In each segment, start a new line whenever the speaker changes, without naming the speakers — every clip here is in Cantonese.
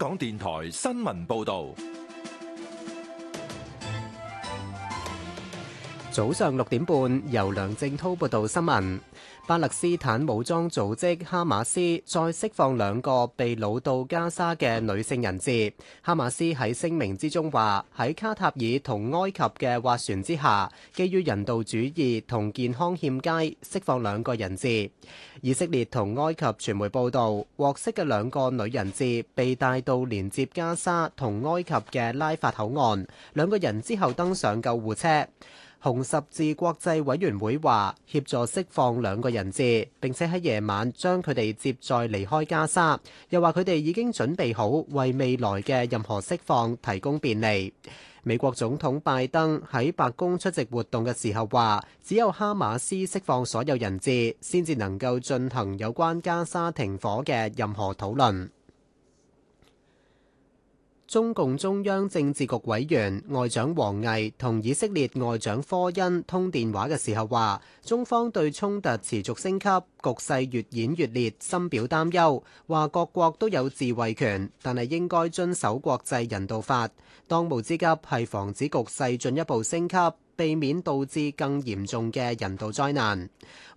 香港電台新聞報道。早
上六點半，由梁正濤報道新聞。巴勒斯坦武裝組織哈馬斯再釋放兩個被擄到加沙嘅女性人質。哈馬斯喺聲明之中話，喺卡塔爾同埃及嘅斡旋之下，基於人道主義同健康欠佳，釋放兩個人質。以色列同埃及傳媒報道，獲釋嘅兩個女人質被帶到連接加沙同埃及嘅拉法口岸，兩個人之後登上救護車。紅十字國際委員會話協助釋放兩個人質，並且喺夜晚將佢哋接載離開加沙。又話佢哋已經準備好為未來嘅任何釋放提供便利。美國總統拜登喺白宮出席活動嘅時候話，只有哈馬斯釋放所有人質，先至能夠進行有關加沙停火嘅任何討論。中共中央政治局委員外長王毅同以色列外長科恩通電話嘅時候話，中方對衝突持續升級，局勢越演越烈深表擔憂，話各國都有自衛權，但係應該遵守國際人道法。當務之急係防止局勢進一步升級，避免導致更嚴重嘅人道災難，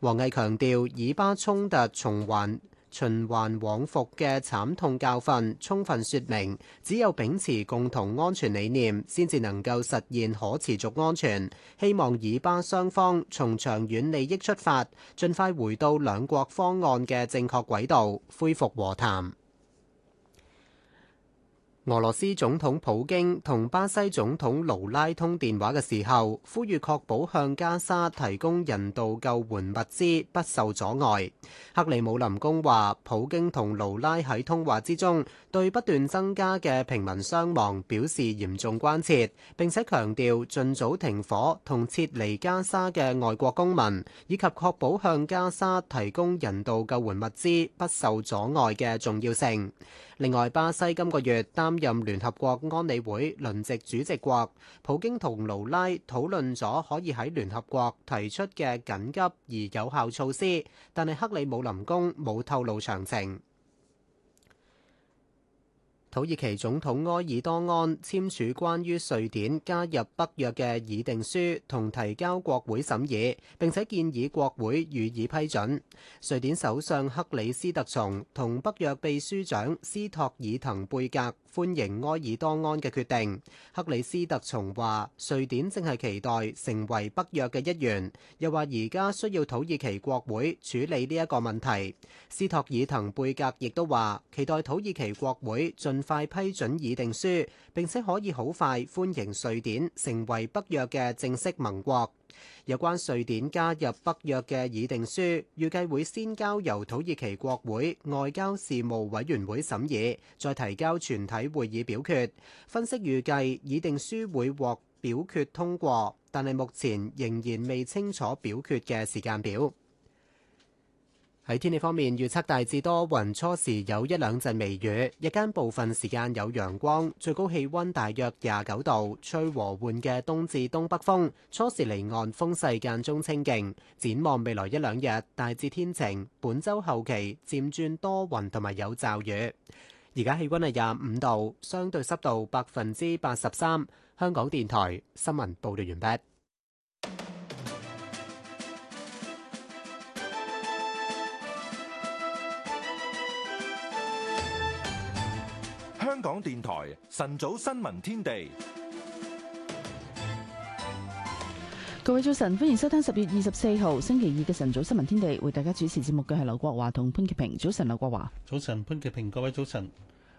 王毅強調以巴衝突重緩。循環往復嘅慘痛教訓，充分說明只有秉持共同安全理念，先至能夠實現可持續安全。希望以巴雙方從長遠利益出發，盡快回到兩國方案嘅正確軌道，恢復和談。俄羅斯總統普京同巴西總統盧拉通電話嘅時候，呼籲確保向加沙提供人道救援物資不受阻礙。克里姆林宮話，普京同盧拉喺通話之中，對不斷增加嘅平民傷亡表示嚴重關切，並且強調盡早停火同撤離加沙嘅外國公民，以及確保向加沙提供人道救援物資不受阻礙嘅重要性。另外，巴西今個月擔任聯合國安理會輪值主席國，普京同盧拉討論咗可以喺聯合國提出嘅緊急而有效措施，但係克里姆林宮冇透露詳情。土耳其總統埃爾多安簽署關於瑞典加入北約嘅議定書同提交國會審議並且建議國會予以批准瑞典首相克里斯特松同北約秘書長斯托爾滕貝格歡迎埃爾多安嘅決定克里斯特松話瑞典正係期待成為北約嘅一員又話而家需要土耳其國會處理呢個問題斯托爾滕貝格亦都話期待土耳其國會進快批准議定書，並且可以好快歡迎瑞典成為北約嘅正式盟國。有關瑞典加入北約嘅議定書預計會先交由土耳其國會外交事務委員會審議，再提交全體會議表決。分析預計議定書會獲表決通過，但係目前仍然未清楚表決嘅時間表。喺天氣方面，預測大致多雲，初時有一兩陣微雨，日間部分時間有陽光，最高氣溫大約廿九度，吹和緩嘅東至東北風，初時離岸風勢間中清勁。展望未來一兩日，大致天晴，本週後期漸轉多雲同埋有驟雨。而家氣溫係廿五度，相對濕度百分之八十三。香港電台新聞報道完畢。
港電台晨早新聞天地，
各位早晨，歡迎收聽十月二十四號星期二嘅晨早新聞天地，為大家主持節目嘅係劉國華同潘潔平。早晨，劉國華。
早晨，潘潔平。各位早晨。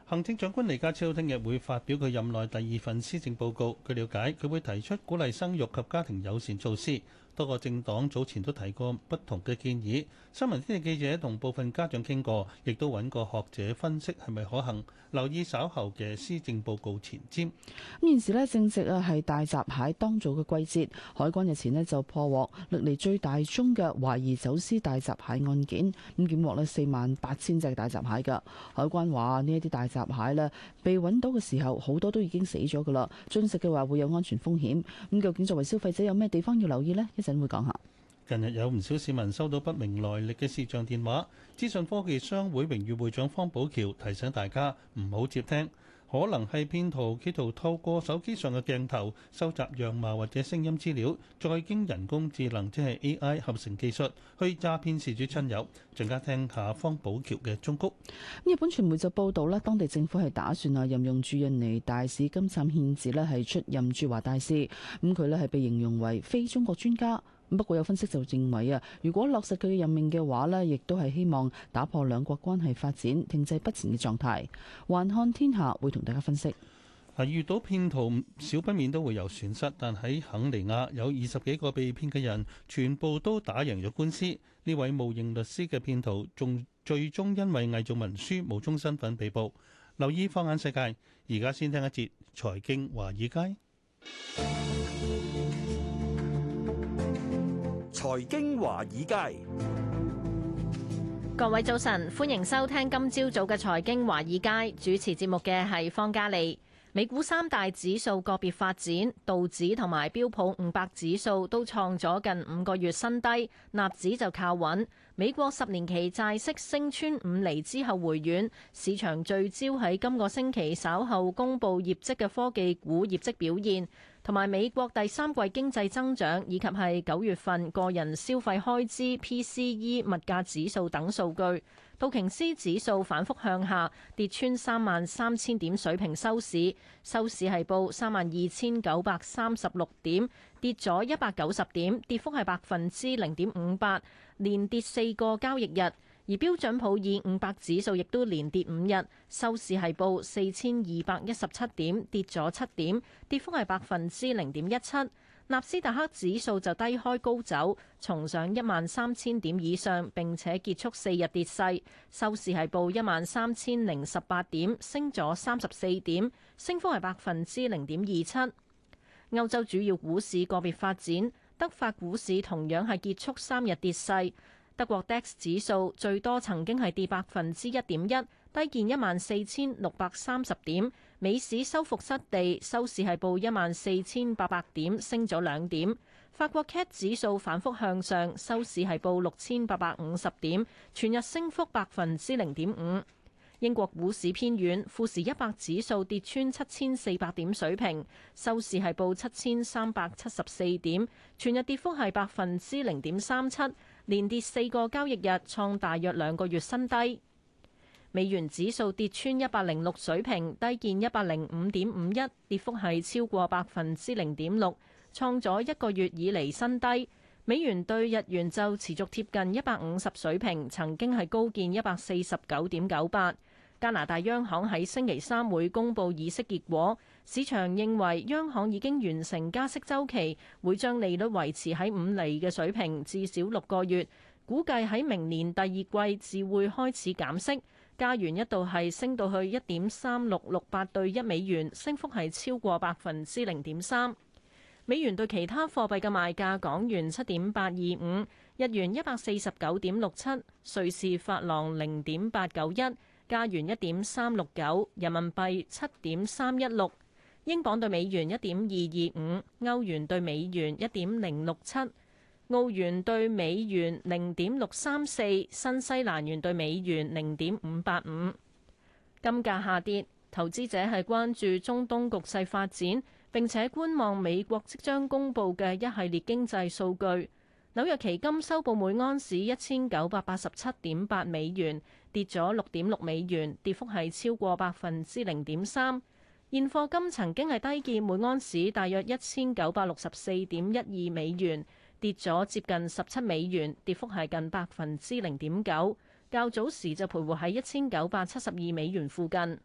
行政長官李家超聽日會發表佢任內第二份施政報告，據了解佢會提出鼓勵生育及家庭友善措施。多個政黨早前都提過不同嘅建議。新聞天地記者同部分家長傾過，亦都揾過學者分析係咪可行。留意稍後嘅施政報告前瞻。
咁現時咧正值啊係大閘蟹當造嘅季節，海關日前咧就破獲歷嚟最大宗嘅懷疑走私大閘蟹案件，咁檢獲咧四萬八千隻大閘蟹㗎。海關話呢一啲大閘蟹咧被揾到嘅時候，好多都已經死咗㗎啦，進食嘅話會有安全風險。咁究竟作為消費者有咩地方要留意呢？真會講下。
近日有唔少市民收到不明來歷嘅攝像電話，資訊科技商會榮譽會長方寶橋提醒大家唔好接聽。可能係騙徒，企圖透過手機上嘅鏡頭收集樣貌或者聲音資料，再經人工智能即係 AI 合成技術，去詐騙事主親友。陣間聽下方寶橋嘅中谷。
日本傳媒就報道啦，當地政府係打算啊任用駐印尼大使金站憲治咧，係出任駐華大使。咁佢咧係被形容為非中國專家。不過有分析就認為啊，如果落實佢嘅任命嘅話咧，亦都係希望打破兩國關係發展停滯不前嘅狀態。環看天下會同大家分析。
嗱，遇到騙徒少不免都會有損失，但喺肯尼亞有二十幾個被騙嘅人全部都打贏咗官司。呢位冒認律師嘅騙徒，仲最終因為偽造文書、冒充身份被捕。留意放眼世界，而家先聽一節財經華爾街。
財經華爾
街，各位早晨，歡迎收聽今朝早嘅財經華爾街。主持節目嘅係方嘉利。美股三大指數個別發展，道指同埋標普五百指數都創咗近五個月新低，納指就靠穩。美國十年期債息升穿五厘之後回軟，市場聚焦喺今個星期稍後公布業績嘅科技股業績表現。同埋美國第三季經濟增長以及係九月份個人消費開支 PCE 物價指數等數據，道瓊斯指數反覆向下，跌穿三萬三千點水平收市，收市係報三萬二千九百三十六點，跌咗一百九十點，跌幅係百分之零點五八，連跌四個交易日。而標準普爾五百指數亦都連跌五日，收市係報四千二百一十七點，跌咗七點，跌幅係百分之零點一七。納斯達克指數就低開高走，重上一萬三千點以上，並且結束四日跌勢，收市係報一萬三千零十八點，升咗三十四點，升幅係百分之零點二七。歐洲主要股市個別發展，德法股市同樣係結束三日跌勢。德國 DAX 指數最多曾經係跌百分之一點一，低見一萬四千六百三十點。美市收復失地，收市係報一萬四千八百點，升咗兩點。法國 CAC 指數反覆向上，收市係報六千八百五十點，全日升幅百分之零點五。英國股市偏軟，富時一百指數跌穿七千四百點水平，收市係報七千三百七十四點，全日跌幅係百分之零點三七。連跌四個交易日，創大約兩個月新低。美元指數跌穿一百零六水平，低見一百零五點五一，跌幅係超過百分之零點六，創咗一個月以嚟新低。美元對日元就持續貼近一百五十水平，曾經係高見一百四十九點九八。加拿大央行喺星期三會公佈議息結果。市場認為央行已經完成加息周期，會將利率維持喺五厘嘅水平，至少六個月。估計喺明年第二季至會開始減息。加元一度係升到去一點三六六八對一美元，升幅係超過百分之零點三。美元對其他貨幣嘅賣價：港元七點八二五，日元一百四十九點六七，瑞士法郎零點八九一，加元一點三六九，人民幣七點三一六。英鎊兌美元一點二二五，歐元兌美元一點零六七，澳元兌美元零點六三四，新西蘭元兌美元零點五八五。金價下跌，投資者係關注中東局勢發展，並且觀望美國即將公布嘅一系列經濟數據。紐約期金收報每安士一千九百八十七點八美元，跌咗六點六美元，跌幅係超過百分之零點三。現貨金曾經係低見每安士大約一千九百六十四點一二美元，跌咗接近十七美元，跌幅係近百分之零點九。較早時就徘徊喺一千九百七十二美元附近。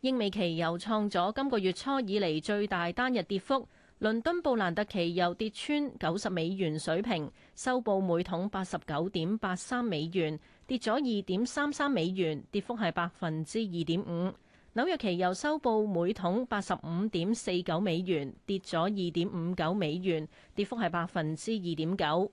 英美期油創咗今個月初以嚟最大單日跌幅，倫敦布蘭特期油跌穿九十美元水平，收報每桶八十九點八三美元，跌咗二點三三美元，跌幅係百分之二點五。紐約期油收報每桶八十五點四九美元，跌咗二點五九美元，跌幅係百分之二點九。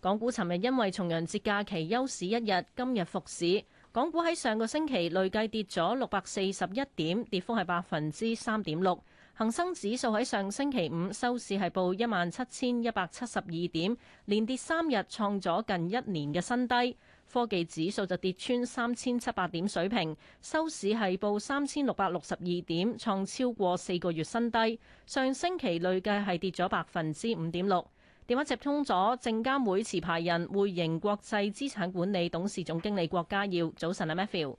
港股尋日因為重陽節假期休市一日，今日復市。港股喺上個星期累計跌咗六百四十一點，跌幅係百分之三點六。恆生指數喺上星期五收市係報一萬七千一百七十二點，連跌三日，創咗近一年嘅新低。科技指數就跌穿三千七百點水平，收市係報三千六百六十二點，創超過四個月新低。上星期累計係跌咗百分之五點六。電話接通咗證監會持牌人匯盈國際資產管理董事總經理郭家耀，早晨阿 Matthew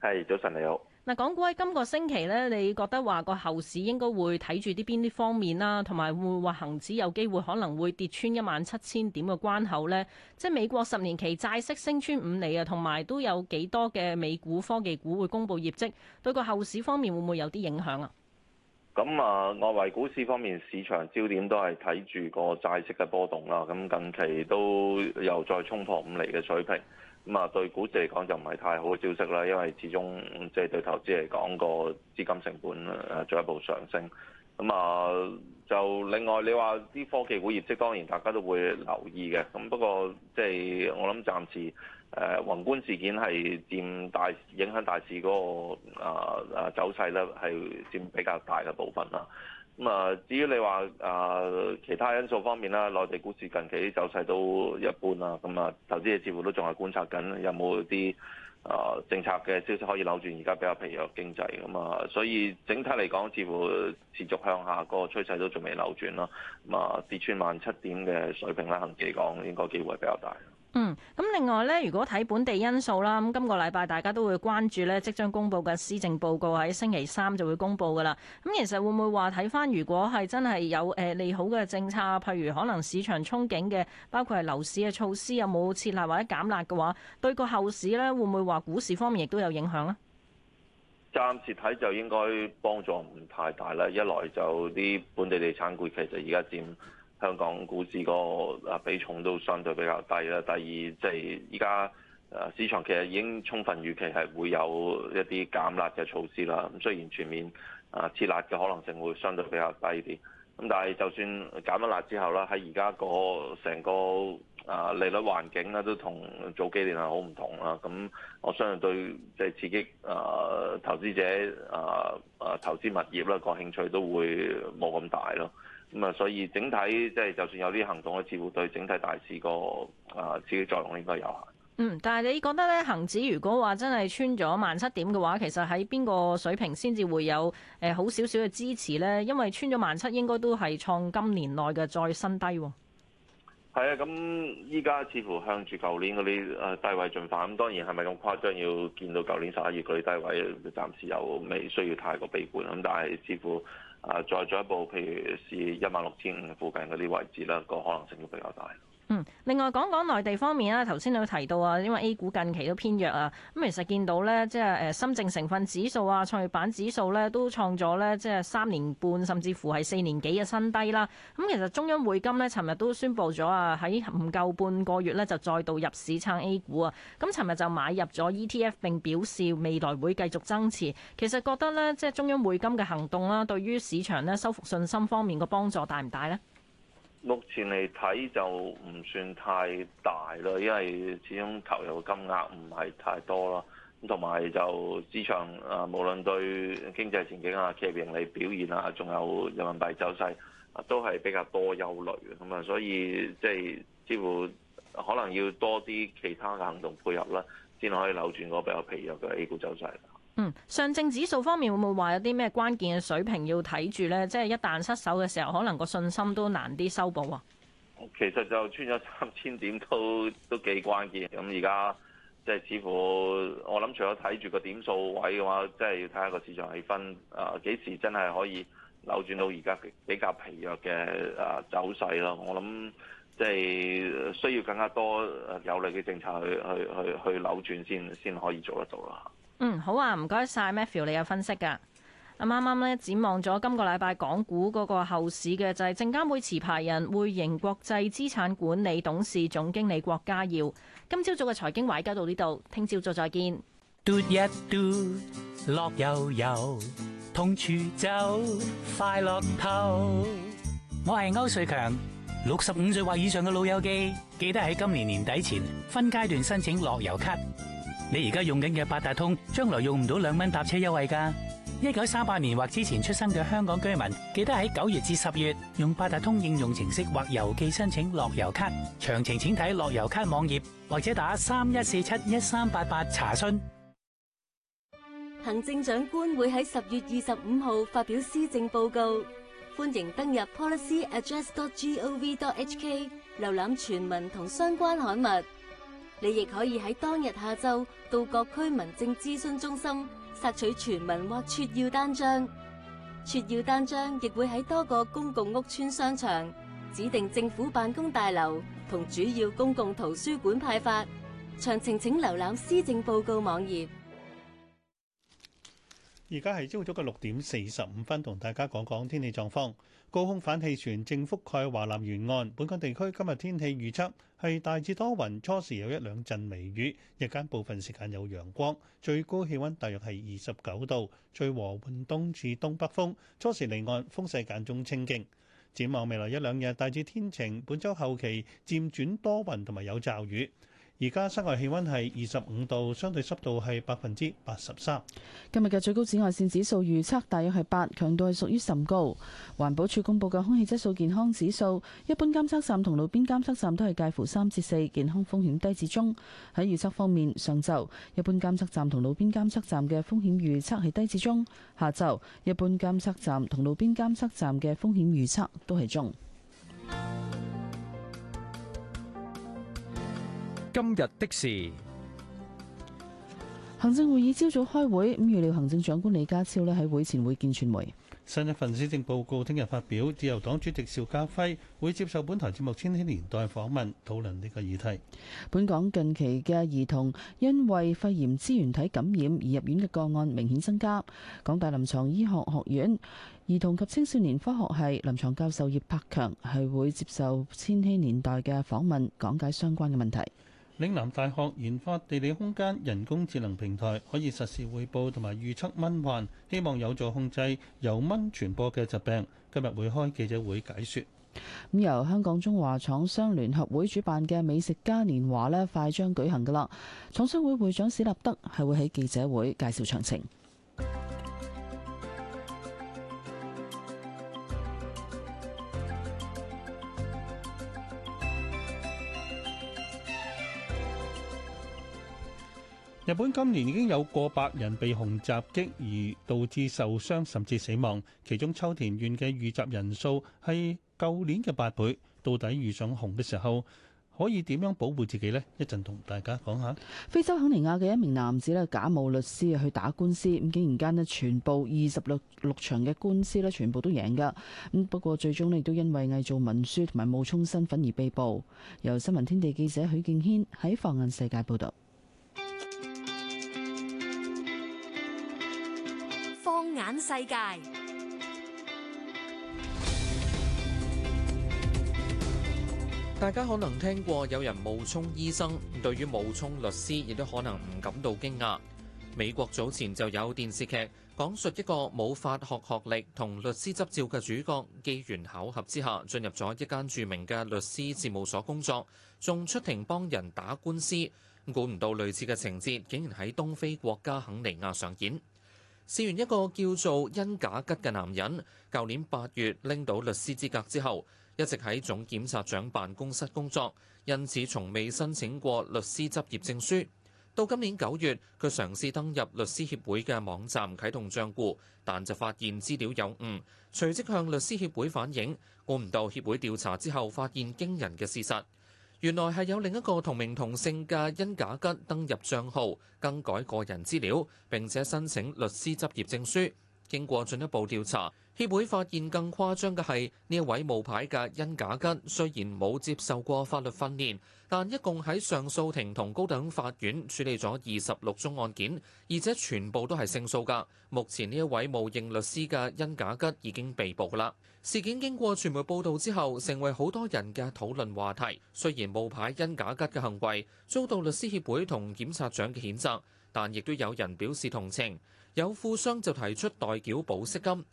係，Matthew、
hey，早晨你好。
嗱，港股喺今個星期咧，你覺得話個後市應該會睇住啲邊啲方面啦，同埋會唔會話恆指有機會可能會跌穿一萬七千點嘅關口呢？即係美國十年期債息升穿五厘啊，同埋都有幾多嘅美股科技股會公布業績，對個後市方面會唔會有啲影響
啊？
咁啊，外圍股市方面，市場焦點都係睇住個債息嘅波動啦。咁近期都又再衝破五厘嘅水平。咁啊，對股市嚟講就唔係太好嘅消息啦，因為始終即係、就是、對投資嚟講個資金成本誒進一步上升。咁啊，就另外你話啲科技股業績當然大家都會留意嘅。咁不過即係、就是、我諗暫時誒、呃、宏觀事件係佔大影響大市嗰、那個啊、呃、走勢咧係佔比較大嘅部分啦。咁啊，至於你話啊、呃，其他因素方面啦，內地股市近期走勢都一般啦，咁、嗯、啊，投資者似乎都仲係觀察緊，有冇啲啊政策嘅消息可以扭轉而家比較疲弱經濟，咁啊、嗯，所以整體嚟講，似乎持續向下，個趨勢都仲未扭轉啦。咁、嗯、啊，跌穿萬七點嘅水平咧，恒指講應該機會比較大。
嗯，咁另外咧，如果睇本地因素啦，咁今個禮拜大家都會關注咧，即將公布嘅施政報告喺星期三就會公布噶啦。咁其實會唔會話睇返，如果係真係有誒利好嘅政策，譬如可能市場憧憬嘅，包括係樓市嘅措施有冇撤辣或者減辣嘅話，對個後市咧會唔會話股市方面亦都有影響咧？
暫時睇就應該幫助唔太大啦，一來就啲本地地產股其實而家佔。香港股市個誒比重都相對比較低啦。第二，即係依家誒市場其實已經充分預期係會有一啲減辣嘅措施啦。咁雖然全面誒撤辣嘅可能性會相對比較低啲，咁但係就算減咗辣之後啦，喺而家個成個誒利率環境啦，都同早幾年係好唔同啦。咁我相信對即係刺激誒投資者誒誒投資物業啦個興趣都會冇咁大咯。咁啊，所以整體即係、就是、就算有啲行動，咧似乎對整體大市個啊刺激作用應該有限。嗯，
但係你覺得咧，恒指如果話真係穿咗萬七點嘅話，其實喺邊個水平先至會有誒、呃、好少少嘅支持咧？因為穿咗萬七應該都係創今年內嘅再新低、哦。
係啊、嗯，咁依家似乎向住舊年嗰啲啊低位進發。咁當然係咪咁誇張？要見到舊年十一月最低位，暫時又未需要太過悲觀。咁但係似乎。啊！再進一步，譬如是一萬六千五附近嗰啲位置啦，個可能性都比較大。嗯，
另外講講內地方面啦，頭先你都提到啊，因為 A 股近期都偏弱啊，咁其實見到咧，即係誒深證成分指數啊、創業板指數咧都創咗咧，即係三年半甚至乎係四年幾嘅新低啦。咁其實中央匯金咧，尋日都宣布咗啊，喺唔夠半個月咧就再度入市撐 A 股啊。咁尋日就買入咗 ETF 並表示未來會繼續增持。其實覺得咧，即係中央匯金嘅行動啦，對於市場咧收復信心方面個幫助大唔大呢？
目前嚟睇就唔算太大咯，因為始終投入金額唔係太多啦，咁同埋就市場啊，無論對經濟前景啊、企業盈利表現啊，仲有人民幣走勢啊，都係比較多憂慮嘅咁啊，所以即係、就是、似乎可能要多啲其他嘅行動配合啦，先可以扭轉嗰個比較疲弱嘅 A 股走勢。
嗯，上證指數方面會唔會話有啲咩關鍵嘅水平要睇住咧？即係一旦失守嘅時候，可能個信心都難啲修補啊。
其實就穿咗三千點都都幾關鍵。咁而家即係似乎我諗，除咗睇住個點數位嘅話，即係要睇下個市場氣氛。啊，幾時真係可以扭轉到而家比較疲弱嘅啊走勢咯？我諗即係需要更加多有利嘅政策去去去去扭轉，先先可以做得到啦。
嗯，好啊，唔該晒 Matthew，你有分析噶。咁啱啱咧，展望咗今個禮拜港股嗰個後市嘅就係證監會持牌人匯盈國際資產管理董事總經理郭家耀。今朝早嘅財經快交到呢度，聽朝早再見。
嘟一嘟，樂悠悠，通處走，快樂遊。我係歐瑞強，六十五歲或以上嘅老友記，記得喺今年年底前分階段申請樂悠卡。你而家用緊嘅八達通，將來用唔到兩蚊搭車優惠㗎。一九三八年或之前出生嘅香港居民，記得喺九月至十月用八達通應用程式或郵寄申請樂悠咭。詳情請睇樂悠咭網頁或者打三一四七一三八八查詢。
行政長官會喺十月二十五號發表施政報告，歡迎登入 policyaddress.gov.hk
瀏覽全文同相關刊物。你亦可以喺當日下晝到各區民政諮詢中心索取全文或撮要單張，撮要單張亦會喺多個公共屋邨、商場、指定政府辦公
大樓同主要公共圖書館派發。詳情請瀏覽施政報告網頁。
而家係朝早嘅六點四十五分，同大家講講天氣狀況。高空反氣旋正覆蓋華南沿岸，本港地區今日天氣預測係大致多雲，初時有一兩陣微雨，日間部分時間有陽光，最高氣溫大約係二十九度，吹和緩東至東北風，初時離岸風勢間中清勁，展望未來一兩日大致天晴，本周後期漸轉多雲同埋有驟雨。而家室外氣溫係二十五度，相對濕度係百分之八十三。
今日嘅最高紫外線指數預測大約係八，強度係屬於甚高。環保署公佈嘅空氣質素健康指數，一般監測站同路邊監測站都係介乎三至四，健康風險低至中。喺預測方面，上晝一般監測站同路邊監測站嘅風險預測係低至中；下晝一般監測站同路邊監測站嘅風險預測都係中。
今日的事，
行政會議朝早開會，咁預料行政長官李家超呢，喺會前會見傳媒。
新一份施政報告聽日發表，自由黨主席邵家輝會接受本台節目《千禧年代》訪問，討論呢個議題。
本港近期嘅兒童因為肺炎支原體感染而入院嘅個案明顯增加。港大臨床醫學學院兒童及青少年科學系臨床教授葉柏強係會接受《千禧年代》嘅訪問，講解相關嘅問題。
嶺南大學研發地理空間人工智能平台，可以實時彙報同埋預測蚊患，希望有助控制由蚊傳播嘅疾病。今日會開記者會解說。
咁由香港中華廠商聯合會主辦嘅美食嘉年華呢，快將舉行㗎喇。廠商會會長史立德係會喺記者會介紹詳情。
日本今年已經有過百人被熊襲擊而導致受傷甚至死亡，其中秋田縣嘅遇襲人數係舊年嘅八倍。到底遇上熊嘅時候可以點樣保護自己呢？一陣同大家講下。
非洲肯尼亞嘅一名男子咧，假冒律師去打官司，咁竟然間咧全部二十六六場嘅官司咧全部都贏㗎。不過最終咧亦都因為偽造文書同埋冒充身份而被捕。由新聞天地記者許敬軒喺放眼世界報道。
眼世界，
大家可能聽過有人冒充醫生，對於冒充律師亦都可能唔感到驚訝。美國早前就有電視劇講述一個冇法學學歷同律師執照嘅主角，機緣巧合之下進入咗一間著名嘅律師事務所工作，仲出庭幫人打官司。估唔到類似嘅情節，竟然喺東非國家肯尼亞上演。試完一個叫做恩賈吉嘅男人，舊年八月拎到律師資格之後，一直喺總檢察長辦公室工作，因此從未申請過律師執業證書。到今年九月，佢嘗試登入律師協會嘅網站啟動賬戶，但就發現資料有誤，隨即向律師協會反映。估唔到協會調查之後，發現驚人嘅事實。原來係有另一個同名同姓嘅恩賈吉登入帳號更改個人資料，並且申請律師執業證書。經過進一步調查，協會發現更誇張嘅係呢一位冒牌嘅恩賈吉，雖然冇接受過法律訓練。但一共喺上訴庭同高等法院處理咗二十六宗案件，而且全部都係勝訴㗎。目前呢一位冒認律師嘅恩賈吉已經被捕啦。事件經過傳媒報道之後，成為好多人嘅討論話題。雖然冒牌恩賈吉嘅行為遭到律師協會同檢察長嘅譴責，但亦都有人表示同情。有富商就提出代繳保釋金。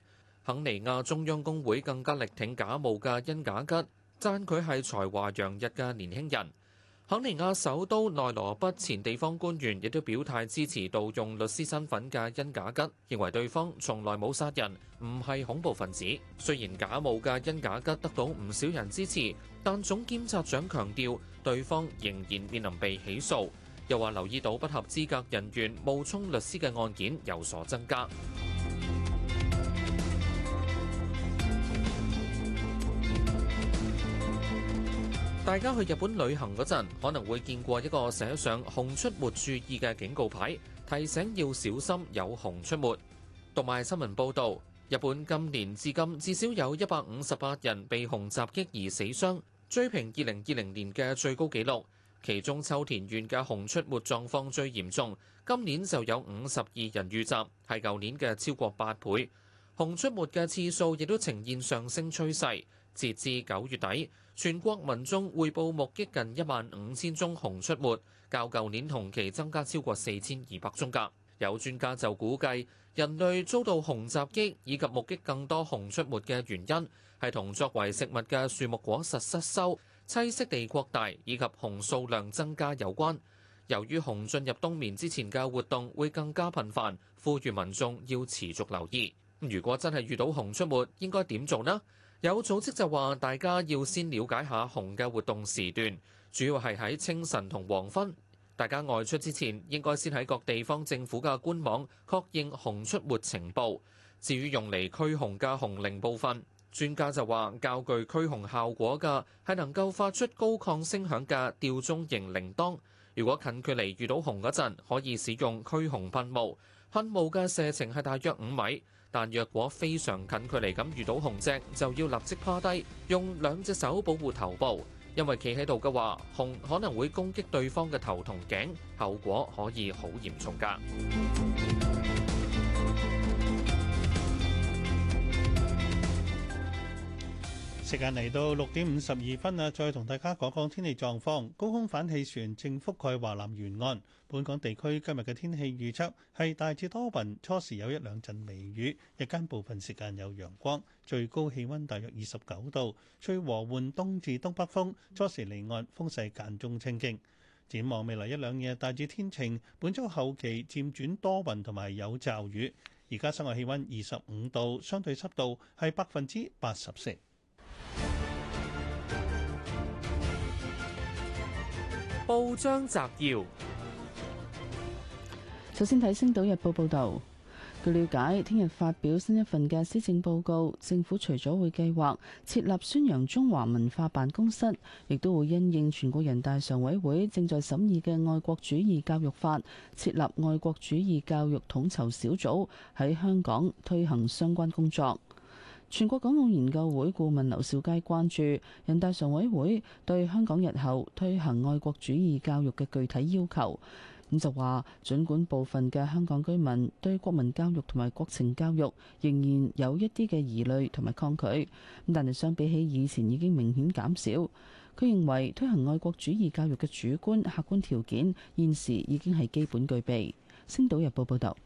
肯尼亞中央工會更加力挺假冒嘅恩賈吉，讚佢係才華洋溢嘅年輕人。肯尼亞首都內羅畢前地方官員亦都表態支持盜用律師身份嘅恩賈吉，認為對方從來冇殺人，唔係恐怖分子。雖然假冒嘅恩賈吉得到唔少人支持，但總檢察長強調對方仍然面臨被起訴，又話留意到不合資格人員冒充律師嘅案件有所增加。大家去日本旅行嗰陣，可能會見過一個寫上熊出沒注意嘅警告牌，提醒要小心有熊出沒，讀賣新聞報道，日本今年至今至少有一百五十八人被熊襲擊而死傷追平二零二零年嘅最高紀錄，其中秋田縣嘅熊出沒狀況最嚴重，今年就有五十二人遇襲，係舊年嘅超過八倍。熊出沒嘅次數亦都呈現上升趨勢，截至九月底。全國民眾匯報目擊近一萬五千宗熊出沒,較舊年同期增加超過四千二百宗格。有專家就估計人類遭到熊襲擊以及目擊更多熊出沒嘅原因係同作為食物嘅樹木果實失收,棲息地擴大以及熊數量增加有關。由於熊進入冬眠之前嘅活動會更加頻繁,呼籲民眾要持續留意。如果真係遇到熊出沒應該點做呢?有組織就話：大家要先了解下熊嘅活動時段，主要係喺清晨同黃昏。大家外出之前應該先喺各地方政府嘅官網確認熊出沒情報。至於用嚟驅熊嘅熊鈴部分，專家就話較具驅熊效果嘅，係能夠發出高亢聲響嘅吊鐘型鈴鐺。如果近距離遇到熊嗰陣，可以使用驅熊噴霧，噴霧嘅射程係大約五米。但若果非常近距離咁遇到熊隻，就要立即趴低，用兩隻手保護頭部，因為企喺度嘅話，熊可能會攻擊對方嘅頭同頸，後果可以好嚴
重㗎。時間嚟到六點五十二分啦，再同大家講講天氣狀況。高空反氣旋正覆蓋華南沿岸，本港地區今日嘅天氣預測係大致多雲，初時有一兩陣微雨，日間部分時間有陽光，最高氣温大約二十九度。吹和緩東至東北風，初時離岸，風勢間中清勁。展望未來一兩日大致天晴，本週後期漸轉多雲同埋有驟雨。而家室外氣温二十五度，相對濕度係百分之八十四。報章摘要：
首先睇《星島日報》報道，據了解，聽日發表新一份嘅施政報告，政府除咗會計劃設立宣揚中華文化辦公室，亦都會因應全國人大常委會正在審議嘅《愛國主義教育法》，設立愛國主義教育統籌小組，喺香港推行相關工作。全國港澳研究會顧問劉兆佳關注人大常委會對香港日後推行愛國主義教育嘅具體要求，咁就話：儘管部分嘅香港居民對國民教育同埋國情教育仍然有一啲嘅疑慮同埋抗拒，但係相比起以前已經明顯減少。佢認為推行愛國主義教育嘅主觀客觀條件現時已經係基本具備。星島日報報導。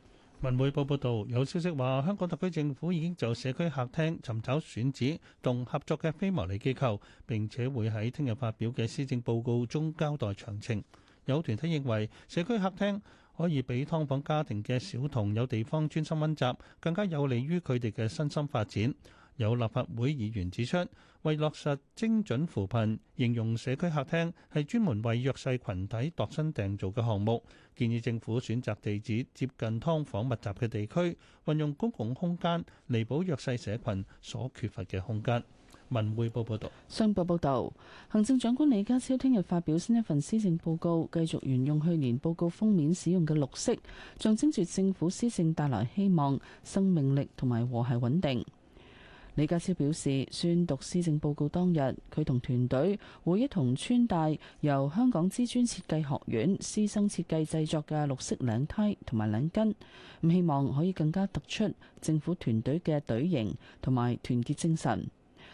文匯報報道，有消息話，香港特區政府已經就社區客廳尋找選址同合作嘅非牟利機構，並且會喺聽日發表嘅施政報告中交代詳情。有團體認為，社區客廳可以俾劏房家庭嘅小童有地方專心溫習，更加有利於佢哋嘅身心發展。有立法會議員指出，為落實精準扶貧，形容社區客廳係專門為弱勢群體度身訂造嘅項目，建議政府選擇地址接近㓥房密集嘅地區，運用公共空間，彌補弱勢社群所缺乏嘅空間。文匯報報道。
商報報道，行政長官李家超聽日發表新一份施政報告，繼續沿用去年報告封面使用嘅綠色，象徵住政府施政帶來希望、生命力同埋和諧穩定。李家超表示，宣讀施政報告當日，佢同團隊會一同穿戴由香港知專設計學院師生設計製作嘅綠色領呔、同埋領巾，咁希望可以更加突出政府團隊嘅隊形同埋團結精神。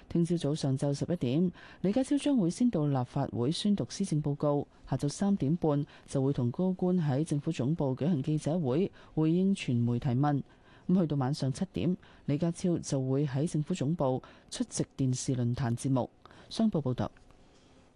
聽朝早上晝十一點，李家超將會先到立法會宣讀施政報告，下晝三點半就會同高官喺政府總部舉行記者會、會，回應傳媒提問。咁去到晚上七點，李家超就會喺政府總部出席電視論壇節目。商報報道，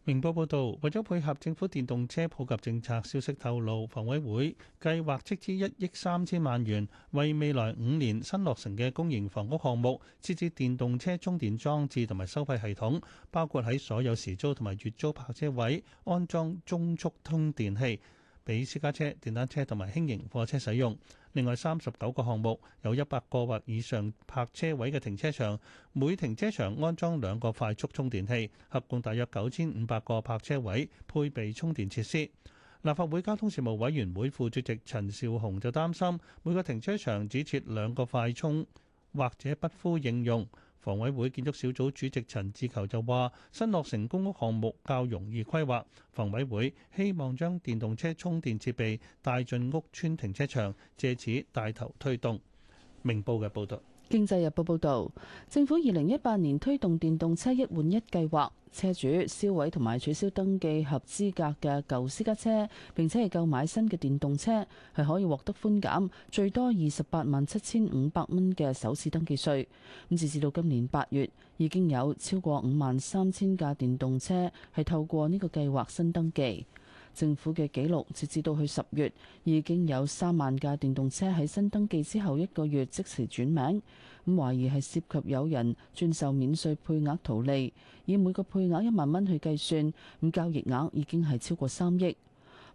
明報報道，為咗配合政府電動車普及政策，消息透露，房委會計劃斥資一億三千萬元，為未來五年新落成嘅公營房屋項目設置電動車充電裝置同埋收費系統，包括喺所有時租同埋月租泊車位安裝中速充電器，俾私家車、電單車同埋輕型貨車使用。另外三十九個項目有一百個或以上泊車位嘅停車場，每停車場安裝兩個快速充電器，合共大約九千五百個泊車位配備充電設施。立法會交通事務委員會副主席陳紹雄就擔心每個停車場只設兩個快充，或者不敷應用。房委會建築小組主席陳志球就話：新落成公屋項目較容易規劃，房委會希望將電動車充電設備帶進屋邨停車場，借此帶頭推動。明報嘅報道。
經濟日報報道，政府二零一八年推動電動車一換一計劃，車主銷毀同埋取消登記合資格嘅舊私家車，並且係購買新嘅電動車，係可以獲得寬減最多二十八萬七千五百蚊嘅首次登記稅。咁截至到今年八月，已經有超過五萬三千架電動車係透過呢個計劃新登記。政府嘅記錄，截至到去十月，已經有三萬架電動車喺新登記之後一個月即時轉名，咁懷疑係涉及有人轉售免稅配額圖利。以每個配額一萬蚊去計算，咁交易額已經係超過三億。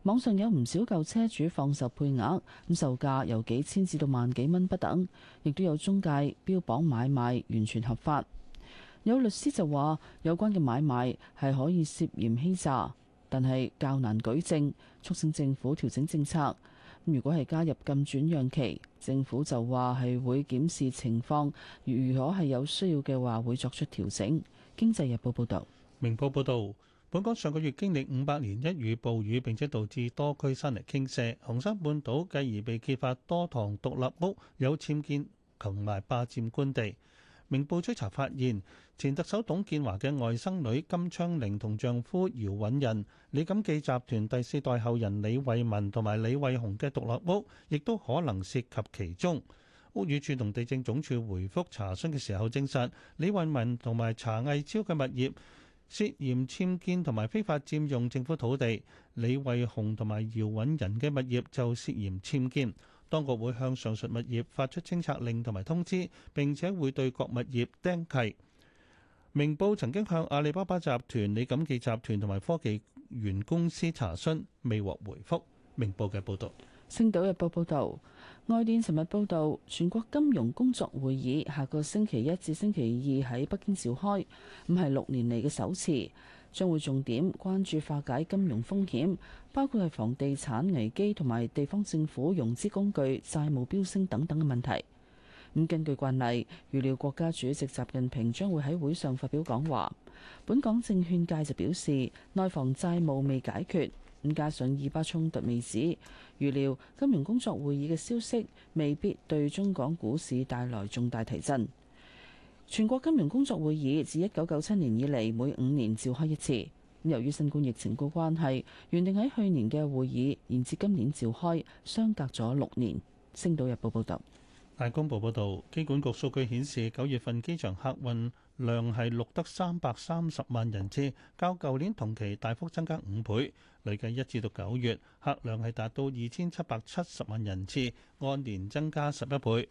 網上有唔少舊車主放售配額，咁售價由幾千至到萬幾蚊不等，亦都有中介標榜買賣完全合法。有律師就話，有關嘅買賣係可以涉嫌欺詐，但係較難舉證，促請政府調整政策。如果係加入禁轉讓期，政府就話係會檢視情況，如果係有需要嘅話，會作出調整。經濟日報報道：
「明報報道，本港上個月經歷五百年一遇暴雨，並且導致多區山泥傾瀉，紅山半島繼而被揭發多幢獨立屋有僭建同埋霸佔官地。明報追查發現，前特首董建華嘅外甥女金昌玲同丈夫姚允仁、李錦記集團第四代後人李惠文同埋李惠雄嘅獨立屋，亦都可能涉及其中。屋宇署同地政總署回覆查詢嘅時候證實，李惠文同埋查毅超嘅物業涉嫌僭建同埋非法佔用政府土地，李惠雄同埋姚允仁嘅物業就涉嫌僭建。當局會向上述物業發出清拆令同埋通知，並且會對各物業釘契。明報曾經向阿里巴巴集團、李錦記集團同埋科技園公司查詢，未獲回覆。明報嘅報道。
星島日報報道，外電尋日報道，全國金融工作會議下個星期一至星期二喺北京召開，咁係六年嚟嘅首次。將會重點關注化解金融風險，包括係房地產危機同埋地方政府融資工具債務飆升等等嘅問題。咁根據慣例，預料國家主席習近平將會喺會上發表講話。本港證券界就表示，內房債務未解決，咁加上以巴衝突未止，預料金融工作會議嘅消息未必對中港股市帶來重大提振。全國金融工作會議自一九九七年以嚟每五年召開一次。由於新冠疫情嘅關係，原定喺去年嘅會議，延至今年召開，相隔咗六年。星島日報報道。
大公報報道，機管局數據顯示，九月份機場客運量係錄得三百三十萬人次，較舊年同期大幅增加五倍。累計一至到九月，客量係達到二千七百七十萬人次，按年增加十一倍。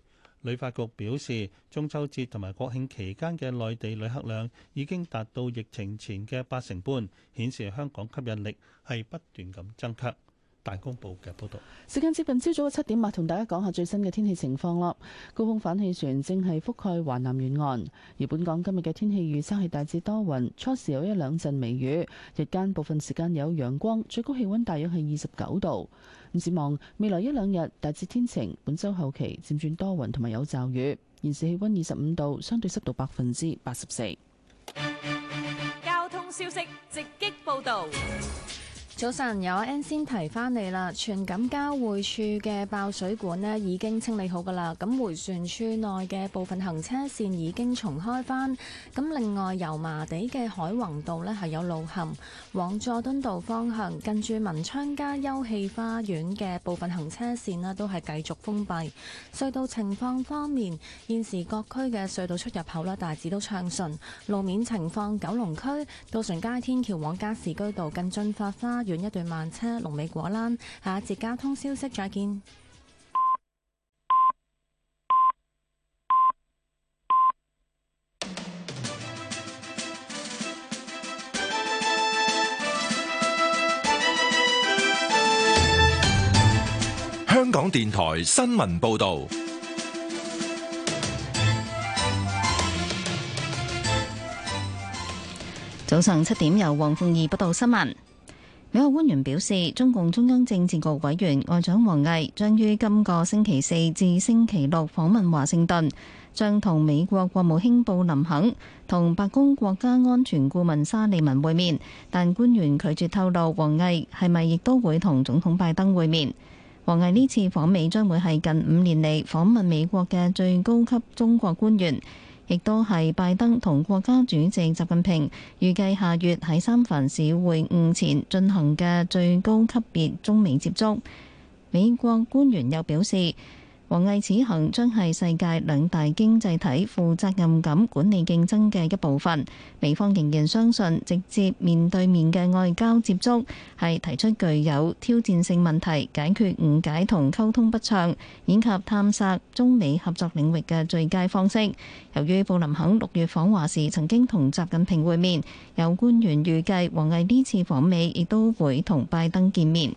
旅發局表示，中秋節同埋國慶期間嘅內地旅客量已經達到疫情前嘅八成半，顯示香港吸引力係不斷咁增加。大公報嘅報道。
時間接近朝早嘅七點啊，同大家講下最新嘅天氣情況啦。高峯反氣旋正係覆蓋華南沿岸，而本港今日嘅天氣預測係大致多雲，初時有一兩陣微雨，日間部分時間有陽光，最高氣溫大約係二十九度。唔，展望未來一兩日大致天晴，本周後期漸轉多雲同埋有驟雨。現時氣溫二十五度，相對濕度百分之八十四。
交通消息直擊報道。
早晨，有阿 N 先提翻你啦。荃錦交匯處嘅爆水管呢已經清理好噶啦。咁回旋處內嘅部分行車線已經重開翻。咁另外油麻地嘅海泓道呢係有路陷，往佐敦道方向近住文昌街休憩花園嘅部分行車線呢都係繼續封閉。隧道情況方面，現時各區嘅隧道出入口呢大致都暢順。路面情況，九龍區渡船街天橋往加士居道近進發花。遠一段慢車，龍尾果欄。下一節交通消息，再見。
香港電台新聞報道。
早上七點，由黃鳳儀報道新聞。有官員表示，中共中央政治局委員外長王毅將於今個星期四至星期六訪問華盛頓，將同美國國務卿布林肯同白宮國家安全顧問沙利文會面。但官員拒絕透露王毅係咪亦都會同總統拜登會面。王毅呢次訪美將會係近五年嚟訪問美國嘅最高級中國官員。亦都係拜登同國家主席習近平預計下月喺三藩市會晤前進行嘅最高級別中美接觸。美國官員又表示，王毅此行將係世界兩大經濟體負責任噉管理競爭嘅一部分。美方仍然相信，直接面對面嘅外交接觸，係提出具有挑戰性問題、解決誤解同溝通不暢，以及探索中美合作領域嘅最佳方式。由於布林肯六月訪華時曾經同習近平會面，有官員預計王毅呢次訪美亦都會同拜登見面。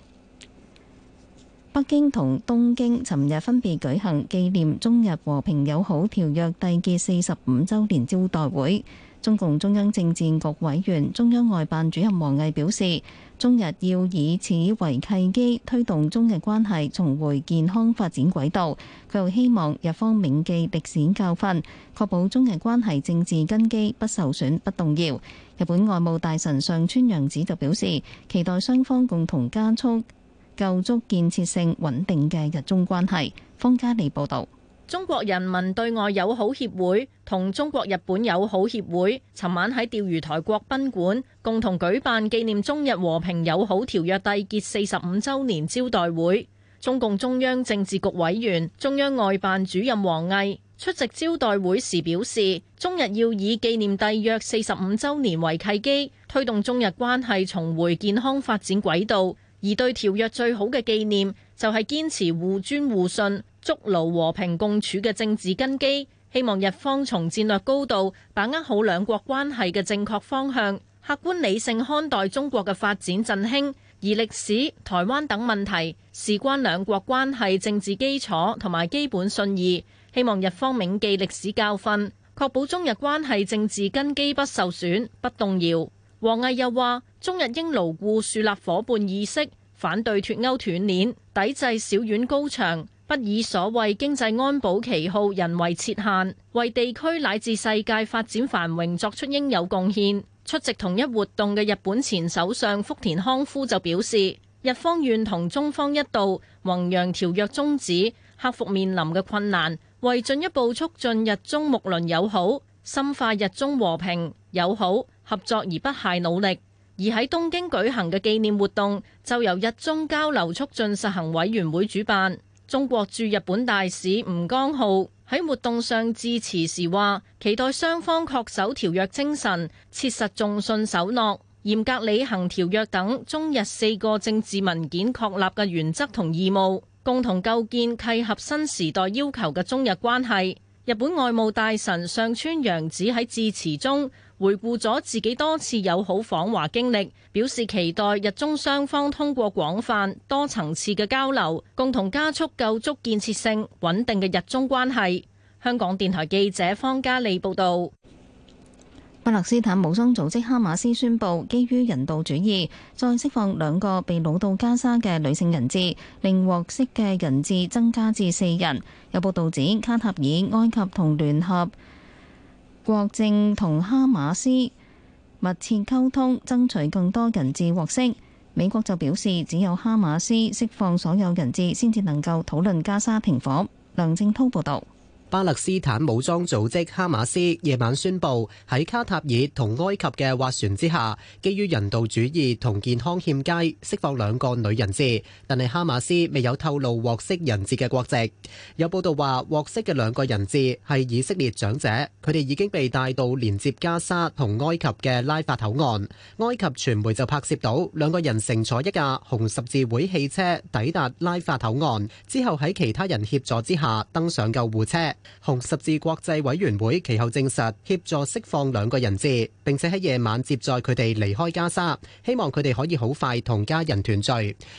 北京同東京尋日分別舉行紀念中日和平友好條約締結四十五週年招待會。中共中央政治局委員、中央外辦主任王毅表示，中日要以此為契機，推動中日關係重回健康發展軌道。佢又希望日方銘記歷史教訓，確保中日關係政治根基不受損、不動搖。日本外務大臣上川陽子就表示，期待雙方共同加速。構築建設性穩定嘅日中關係。方家利報導，
中國人民對外友好協會同中國日本友好協會尋晚喺釣魚台國賓館共同舉辦紀念中日和平友好條約締結四十五週年招待會。中共中央政治局委員、中央外辦主任王毅出席招待會時表示，中日要以紀念締約四十五週年為契機，推動中日關係重回健康發展軌道。而對條約最好嘅紀念，就係堅持互尊互信、築牢和平共處嘅政治根基。希望日方從戰略高度把握好兩國關係嘅正確方向，客觀理性看待中國嘅發展振興，而歷史、台灣等問題，事關兩國關係政治基礎同埋基本信義。希望日方銘記歷史教訓，確保中日關係政治根基不受損、不動搖。王毅又話：中日應牢固樹立伙伴意識，反對脱歐斷鏈，抵制小院高牆，不以所謂經濟安保旗號人為設限，為地區乃至世界發展繁榮作出應有貢獻。出席同一活動嘅日本前首相福田康夫就表示，日方願同中方一道，弘揚條約宗旨，克服面臨嘅困難，為進一步促進日中睦鄰友好、深化日中和平友好。合作而不懈努力，而喺東京舉行嘅紀念活動就由日中交流促進實行委員會主辦。中國駐日本大使吳江浩喺活動上致辭時話：期待雙方恪守條約精神，切實重信守諾，嚴格履行條約等中日四個政治文件確立嘅原則同義務，共同構建契合新時代要求嘅中日關係。日本外務大臣上川陽子喺致辭中。回顧咗自己多次友好訪華經歷，表示期待日中雙方通過廣泛多層次嘅交流，共同加速構築建設性穩定嘅日中關係。香港電台記者方嘉利報道，
巴勒斯坦武裝組織哈馬斯宣布，基於人道主義，再釋放兩個被擄到加沙嘅女性人質，令獲釋嘅人質增加至四人。有報道指，卡塔爾、埃及同聯合。國政同哈馬斯密切溝通，爭取更多人質獲釋。美國就表示，只有哈馬斯釋放所有人質，先至能夠討論加沙停火。梁正滔報導。
巴勒斯坦武裝組織哈馬斯夜晚宣布喺卡塔爾同埃及嘅斡旋之下，基於人道主義同健康欠佳，釋放兩個女人質，但係哈馬斯未有透露獲釋人質嘅國籍。有報道話獲釋嘅兩個人質係以色列長者，佢哋已經被帶到連接加沙同埃及嘅拉法口岸。埃及傳媒就拍攝到兩個人乘坐一架紅十字會汽車抵達拉法口岸，之後喺其他人協助之下登上救護車。紅十字國際委員會其後證實協助釋放兩個人質，並且喺夜晚接載佢哋離開加沙，希望佢哋可以好快同家人團聚。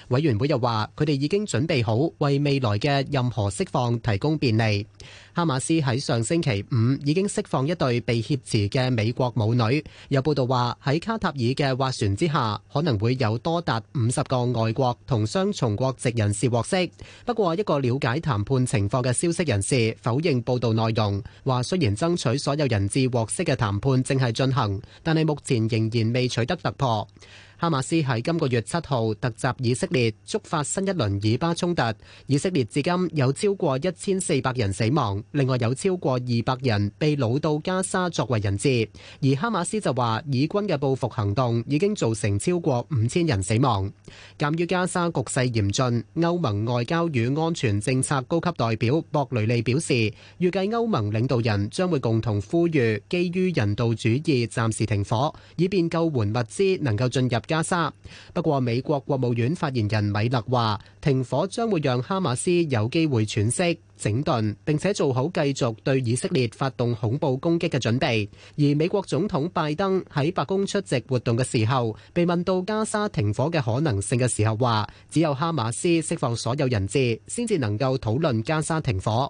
委員會又話，佢哋已經準備好，為未來嘅任何釋放提供便利。哈馬斯喺上星期五已經釋放一對被挾持嘅美國母女，有報道話喺卡塔爾嘅斡旋之下，可能會有多達五十個外國同雙重國籍人士獲釋。不過，一個了解談判情況嘅消息人士否認報道內容，話雖然爭取所有人質獲釋嘅談判正係進行，但係目前仍然未取得突破。哈馬斯喺今個月七號突襲以色列，觸發新一輪以巴衝突。以色列至今有超過一千四百人死亡，另外有超過二百人被擄到加沙作為人質。而哈馬斯就話，以軍嘅報復行動已經造成超過五千人死亡。鑑於加沙局勢嚴峻，歐盟外交與安全政策高級代表博雷利表示，預計歐盟領導人將會共同呼籲，基於人道主義暫時停火，以便救援物資能夠進入加沙。不過，美國國務院發言人米勒話，停火將會讓哈馬斯有機會喘息、整頓，並且做好繼續對以色列發動恐怖攻擊嘅準備。而美國總統拜登喺白宮出席活動嘅時候，被問到加沙停火嘅可能性嘅時候，話只有哈馬斯釋放所有人質，先至能夠討論加沙停火。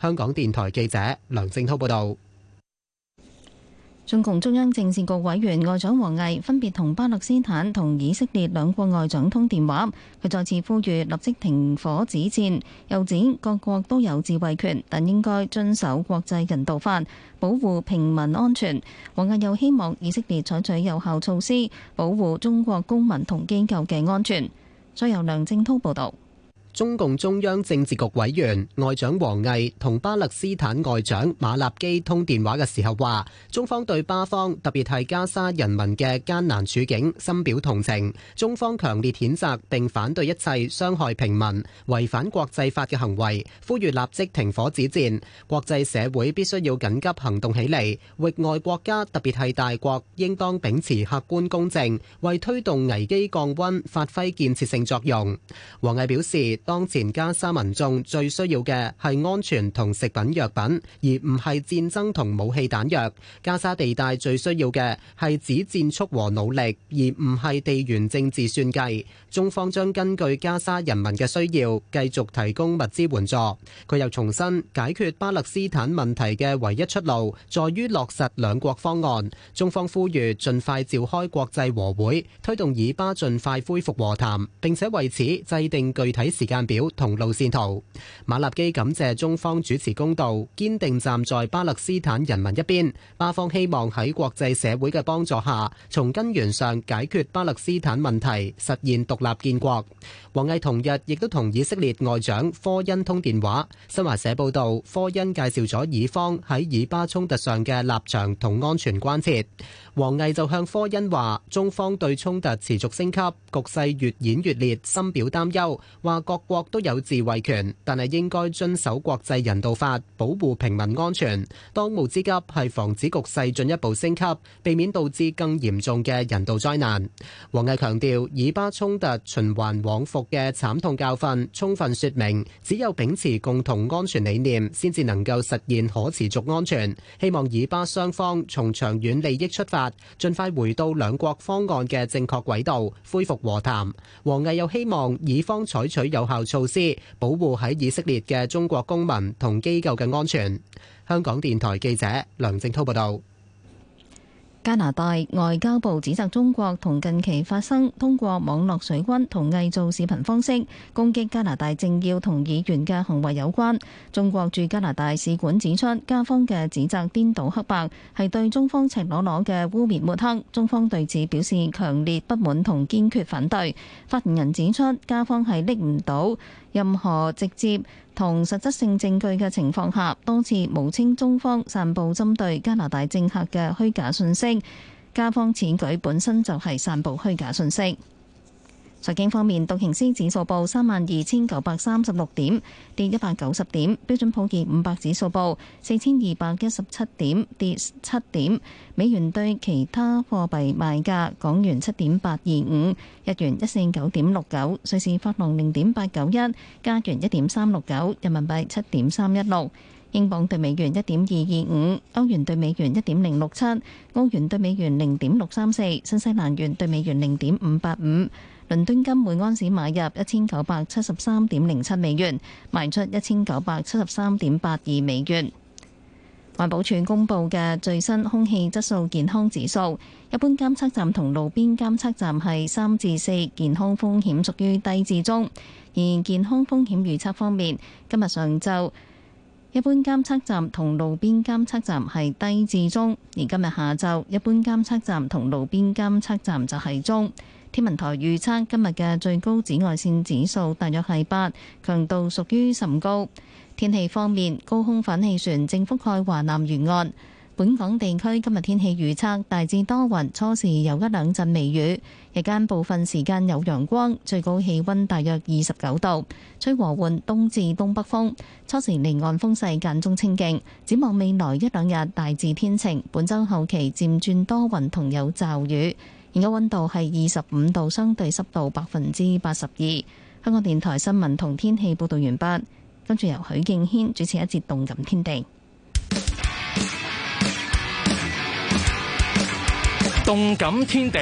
香港電台記者梁正滔報道。
中共中央政治局委員外長王毅分別同巴勒斯坦同以色列兩國外長通電話，佢再次呼籲立即停火止戰，又指各國都有自衛權，但應該遵守國際人道法，保護平民安全。王毅又希望以色列採取有效措施，保護中國公民同機構嘅安全。再由梁正滔報導。
中共中央政治局委員外長王毅同巴勒斯坦外長馬立基通電話嘅時候話，中方對巴方特別係加沙人民嘅艱難處境深表同情，中方強烈譴責並反對一切傷害平民、違反國際法嘅行為，呼籲立即停火止戰。國際社會必須要緊急行動起嚟，域外國家特別係大國，應當秉持客觀公正，為推動危機降温發揮建設性作用。王毅表示。當前加沙民眾最需要嘅係安全同食品藥品，而唔係戰爭同武器彈藥。加沙地帶最需要嘅係止戰促和努力，而唔係地緣政治算計。中方將根據加沙人民嘅需要，繼續提供物資援助。佢又重申，解決巴勒斯坦問題嘅唯一出路，在於落實兩國方案。中方呼籲盡快召開國際和會，推動以巴盡快恢復和談，並且為此制定具體時間表同路線圖。馬立基感謝中方主持公道，堅定站在巴勒斯坦人民一邊。巴方希望喺國際社會嘅幫助下，從根源上解決巴勒斯坦問題，實現獨立。立建國。王毅同日亦都同以色列外長科恩通電話。新華社報道，科恩介紹咗以方喺以巴衝突上嘅立場同安全關切。王毅就向科恩話，中方對衝突持續升級、局勢越演越烈，深表擔憂，話各國都有自衛權，但係應該遵守國際人道法，保護平民安全。當務之急係防止局勢進一步升級，避免導致更嚴重嘅人道災難。王毅強調，以巴衝突。循環往復嘅慘痛教訓，充分說明只有秉持共同安全理念，先至能夠實現可持續安全。希望以巴雙方從長遠利益出發，盡快回到兩國方案嘅正確軌道，恢復和談。王毅又希望以方採取有效措施，保護喺以色列嘅中國公民同機構嘅安全。香港電台記者梁正濤報道。
加拿大外交部指責中國同近期發生通過網絡水軍同偽造視頻方式攻擊加拿大政要同議員嘅行為有關，中國駐加拿大使館指出，加方嘅指責顛倒黑白，係對中方赤裸裸嘅污衊抹黑，中方對此表示強烈不滿同堅決反對，發言人指出，加方係拎唔到任何直接。同實質性證據嘅情況下，多次誣稱中方散布針對加拿大政客嘅虛假信息，加方此舉本身就係散布虛假信息。財經方面，道瓊斯指數報三萬二千九百三十六點，跌一百九十點，標準普爾五百指數報四千二百一十七點，跌七點。美元兌其他貨幣賣價，港元七點八二五，日元一線九一四九點六九，瑞士法郎零點八九一，加元一點三六九，人民幣七點三一六，英鎊兌美元一點二二五，歐元兌美元一點零六七，澳元兌美元零點六三四，新西蘭元兌美元零點五八五。倫敦金每安士買入一千九百七十三點零七美元，賣出一千九百七十三點八二美元。環保署公布嘅最新空氣質素健康指數，一般監測站同路邊監測站係三至四，健康風險屬於低至中。而健康風險預測方面，今日上晝一般監測站同路邊監測站係低至中，而今日下晝一般監測站同路邊監測站就係中。天文台預測今日嘅最高紫外線指數大約係八，強度屬於甚高。天氣方面，高空反氣旋正覆蓋華南沿岸。本港地區今日天氣預測大致多雲，初時有一兩陣微雨，日間部分時間有陽光，最高氣温大約二十九度，吹和緩東至東北風，初時離岸風勢間中清勁。展望未來一兩日大致天晴，本周後期漸轉多雲同有驟雨。而家温度係二十五度，相對濕度百分之八十二。香港電台新聞同天氣報道完畢，跟住由許敬軒主持一節動感天地。
動感天地，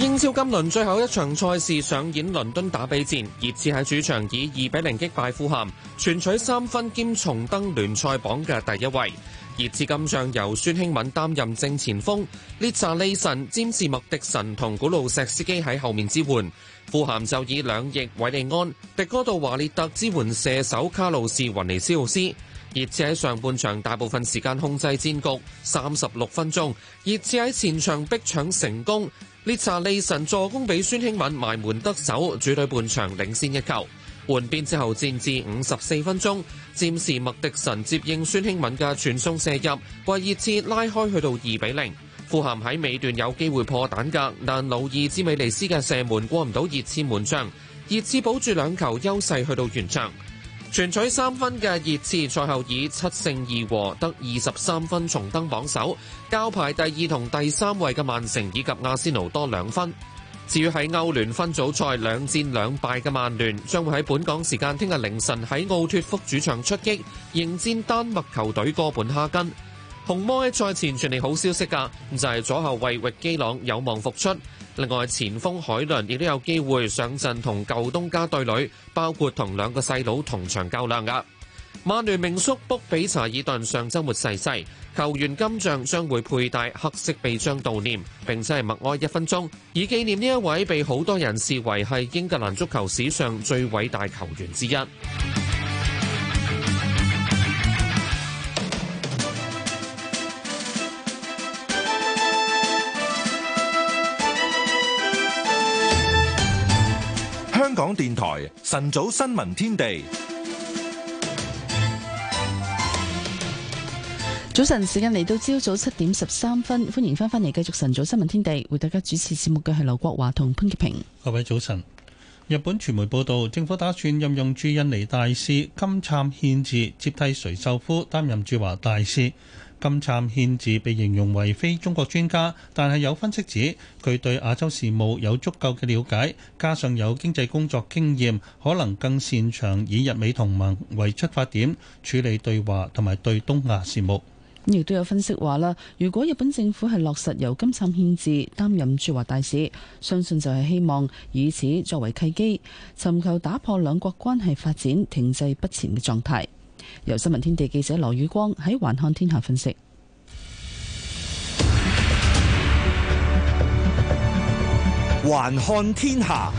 英超今輪最後一場賽事上演倫敦打比戰，熱刺喺主場以二比零擊敗富咸，全取三分兼重登聯賽榜嘅第一位。熱刺今仗由孫興敏擔任正前鋒，列查利臣、占士麥迪臣同古路石斯基喺後面支援，富咸就以兩翼韋利安、迪哥度華列特支援射手卡路士雲尼斯奧斯。熱刺喺上半場大部分時間控制戰局，三十六分鐘，熱刺喺前場逼搶成功，列查利臣助攻俾孫興敏埋門得手，主隊半場領先一球。換邊之後戰至五十四分鐘，占士麥迪臣接應孫興敏嘅傳送射入，為熱刺拉開去到二比零。富咸喺尾段有機會破蛋格，但魯易斯美尼斯嘅射門過唔到熱刺門將，熱刺保住兩球優勢去到完場。全取三分嘅熱刺賽後以七勝二和得二十三分重登榜首，較排第二同第三位嘅曼城以及阿仙奴多兩分。至於喺歐聯分組賽兩戰兩敗嘅曼聯，將會喺本港時間聽日凌晨喺奧脫福主場出擊，迎戰丹麥球隊哥本哈根。紅魔喺賽前傳嚟好消息㗎，就係左後衛域基朗有望復出，另外前鋒海倫亦都有機會上陣同舊東家對壘，包括同兩個細佬同場較量㗎。曼聯名宿卜比查爾頓上周末逝世，球員金像將會佩戴黑色臂章悼念，並且係默哀一分鐘，以紀念呢一位被好多人視為係英格蘭足球史上最偉大球員之一。
香港電台晨早新聞天地。
早晨，時間嚟到朝早七點十三分，歡迎翻返嚟繼續晨早新聞天地。為大家主持節目嘅係劉國華同潘潔平。
各位早晨。日本傳媒報道，政府打算任用駐印尼大使金燦憲治接替垂秀夫擔任駐華大使。金燦憲治被形容為非中國專家，但係有分析指佢對亞洲事務有足夠嘅了解，加上有經濟工作經驗，可能更擅長以日美同盟為出發點處理對華同埋對東亞事務。
咁亦都有分析話啦，如果日本政府係落實由金杉憲治擔任駐華大使，相信就係希望以此作為契機，尋求打破兩國關係發展停滯不前嘅狀態。由新聞天地記者羅宇光喺環看天下分析。
環看天下。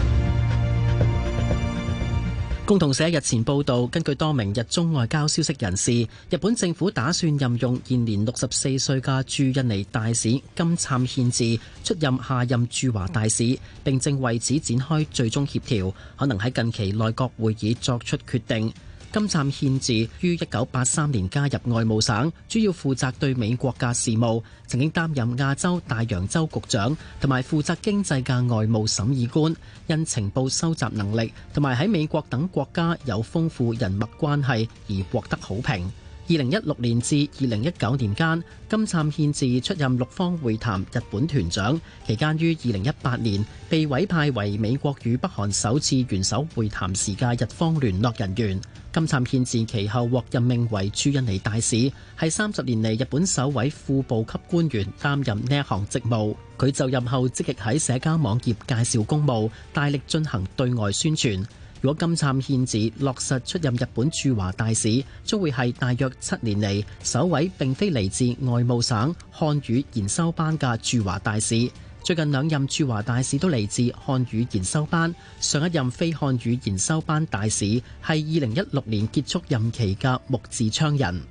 共同社日前報道，根據多名日中外交消息人士，日本政府打算任用現年六十四歲嘅駐印尼大使金杉憲治出任下任駐華大使，並正為此展開最終協調，可能喺近期內閣會議作出決定。金杉憲治於一九八三年加入外務省，主要負責對美國嘅事務，曾經擔任亞洲大洋洲局長，同埋負責經濟嘅外務審議官。因情報收集能力同埋喺美國等國家有豐富人脈關係而獲得好評。二零一六年至二零一九年間，金杉憲治出任六方會談日本團長，期間於二零一八年被委派為美國與北韓首次元首會談時嘅日方聯絡人員。金杉憲治其後獲任命為駐印尼大使，係三十年嚟日本首位副部級官員擔任呢一項職務。佢就任後積極喺社交網頁介紹公務，大力進行對外宣傳。如果金杉憲治落實出任日本駐華大使，將會係大約七年嚟首位並非嚟自外務省漢語研修班嘅駐華大使。最近兩任駐華大使都嚟自漢語研修班，上一任非漢語研修班大使係二零一六年結束任期嘅木寺昌人。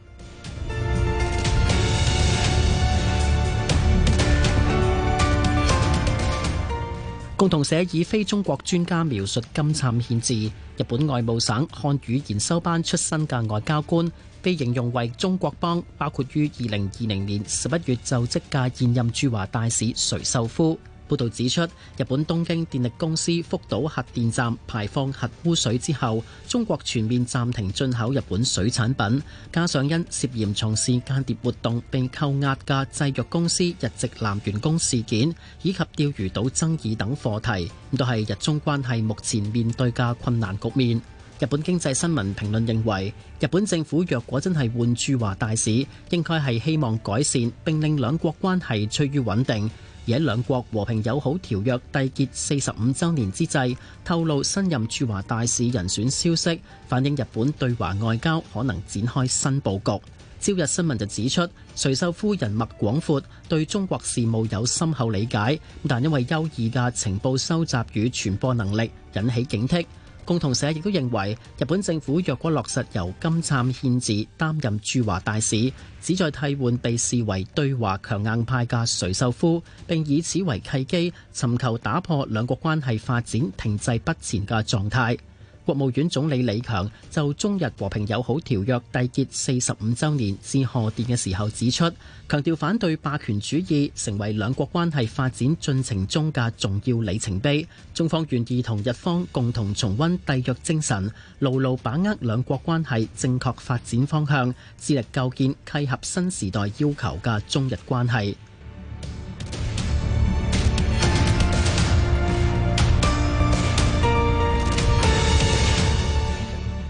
共同社以非中國專家描述金杉憲治。日本外務省漢語研修班出身嘅外交官。被形容為中國幫，包括於二零二零年十一月就職嘅現任駐華大使垂秀夫。報道指出，日本東京電力公司福島核電站排放核污水之後，中國全面暫停進口日本水產品。加上因涉嫌從事間諜活動並扣押嘅製藥公司日籍男員工事件，以及釣魚島爭議等課題，咁都係日中關係目前面對嘅困難局面。日本經濟新聞評論認為，日本政府若果真係換駐華大使，應該係希望改善並令兩國關係趨於穩定。而喺兩國和平友好條約締結四十五週年之際，透露新任駐華大使人選消息，反映日本對華外交可能展開新佈局。朝日新聞就指出，垂秀夫人脈廣闊，對中國事務有深厚理解，但因為優異嘅情報收集與傳播能力，引起警惕。共同社亦都認為，日本政府若果落實由金杉憲治擔任駐華大使，旨在替換被視為對華強硬派嘅垂秀夫，並以此為契機，尋求打破兩國關係發展停滯不前嘅狀態。國務院總理李強就中日和平友好條約締結四十五周年致賀電嘅時候指出，強調反對霸權主義成為兩國關係發展進程中嘅重要里程碑。中方願意同日方共同重溫締約精神，牢牢把握兩國關係正確發展方向，致力構建契合新時代要求嘅中日關係。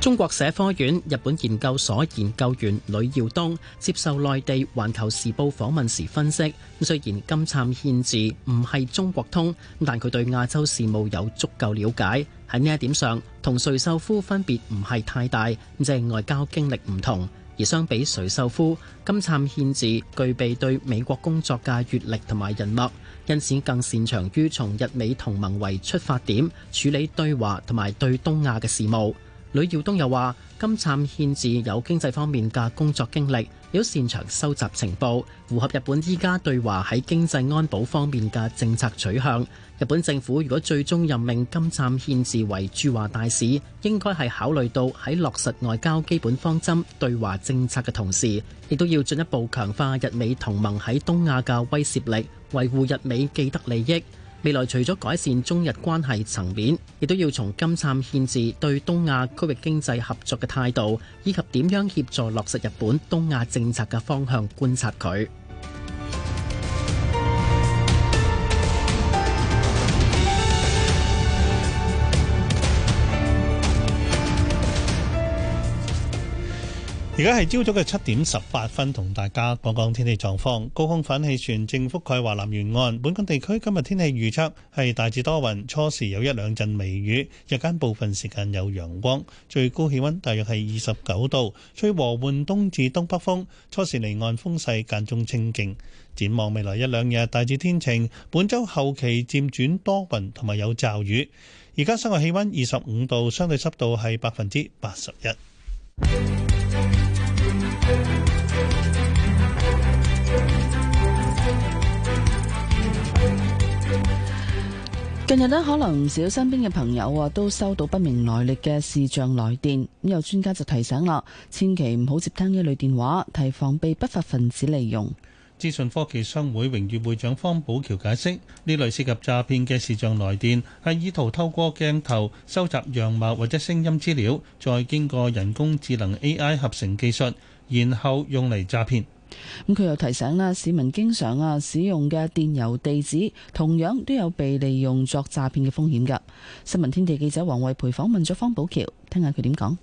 中國社科院日本研究所研究員呂耀東接受內地《環球時報》訪問時分析，雖然金杉憲治唔係中國通，但佢對亞洲事務有足夠了解。喺呢一點上，同垂秀夫分別唔係太大，即係外交經歷唔同。而相比垂秀夫，金杉憲治具備對美國工作嘅閱歷同埋人脈，因此更擅長於從日美同盟為出發點處理對華同埋對東亞嘅事務。呂耀東又話，金站憲治有經濟方面嘅工作經歷，又擅長收集情報，符合日本依家對華喺經濟安保方面嘅政策取向。日本政府如果最終任命金站憲治為駐華大使，應該，係考慮到喺落實外交基本方針對華政策嘅同時，亦都要進一步強化日美同盟喺東亞嘅威懾力，維護日美既得利益。未來除咗改善中日關係層面，亦都要從金杉憲治對東亞區域經濟合作嘅態度，以及點樣協助落實日本東亞政策嘅方向觀察佢。
而家係朝早嘅七點十八分，同大家講講天氣狀況。高空反氣旋正覆蓋華南沿岸，本港地區今日天氣預測係大致多雲，初時有一兩陣微雨，日間部分時間有陽光，最高氣溫大約係二十九度，吹和緩東至東北風。初時離岸風勢間中清勁。展望未來一兩日大致天晴，本周後期漸轉多雲同埋有驟雨。而家室外氣溫二十五度，相對濕度係百分之八十一。
近日呢，可能唔少身邊嘅朋友啊，都收到不明來歷嘅視像來電。咁有專家就提醒啦，千祈唔好接聽呢類電話，提防被不法分子利用。
資訊科技商會榮譽會長方寶橋解釋，呢類涉及詐騙嘅視像來電係意圖透過鏡頭收集樣貌或者聲音資料，再經過人工智能 A I 合成技術，然後用嚟詐騙。
咁佢又提醒啦，市民經常啊使用嘅電郵地址，同樣都有被利用作詐騙嘅風險㗎。新聞天地記者王慧培訪問咗方寶橋，聽下佢點講。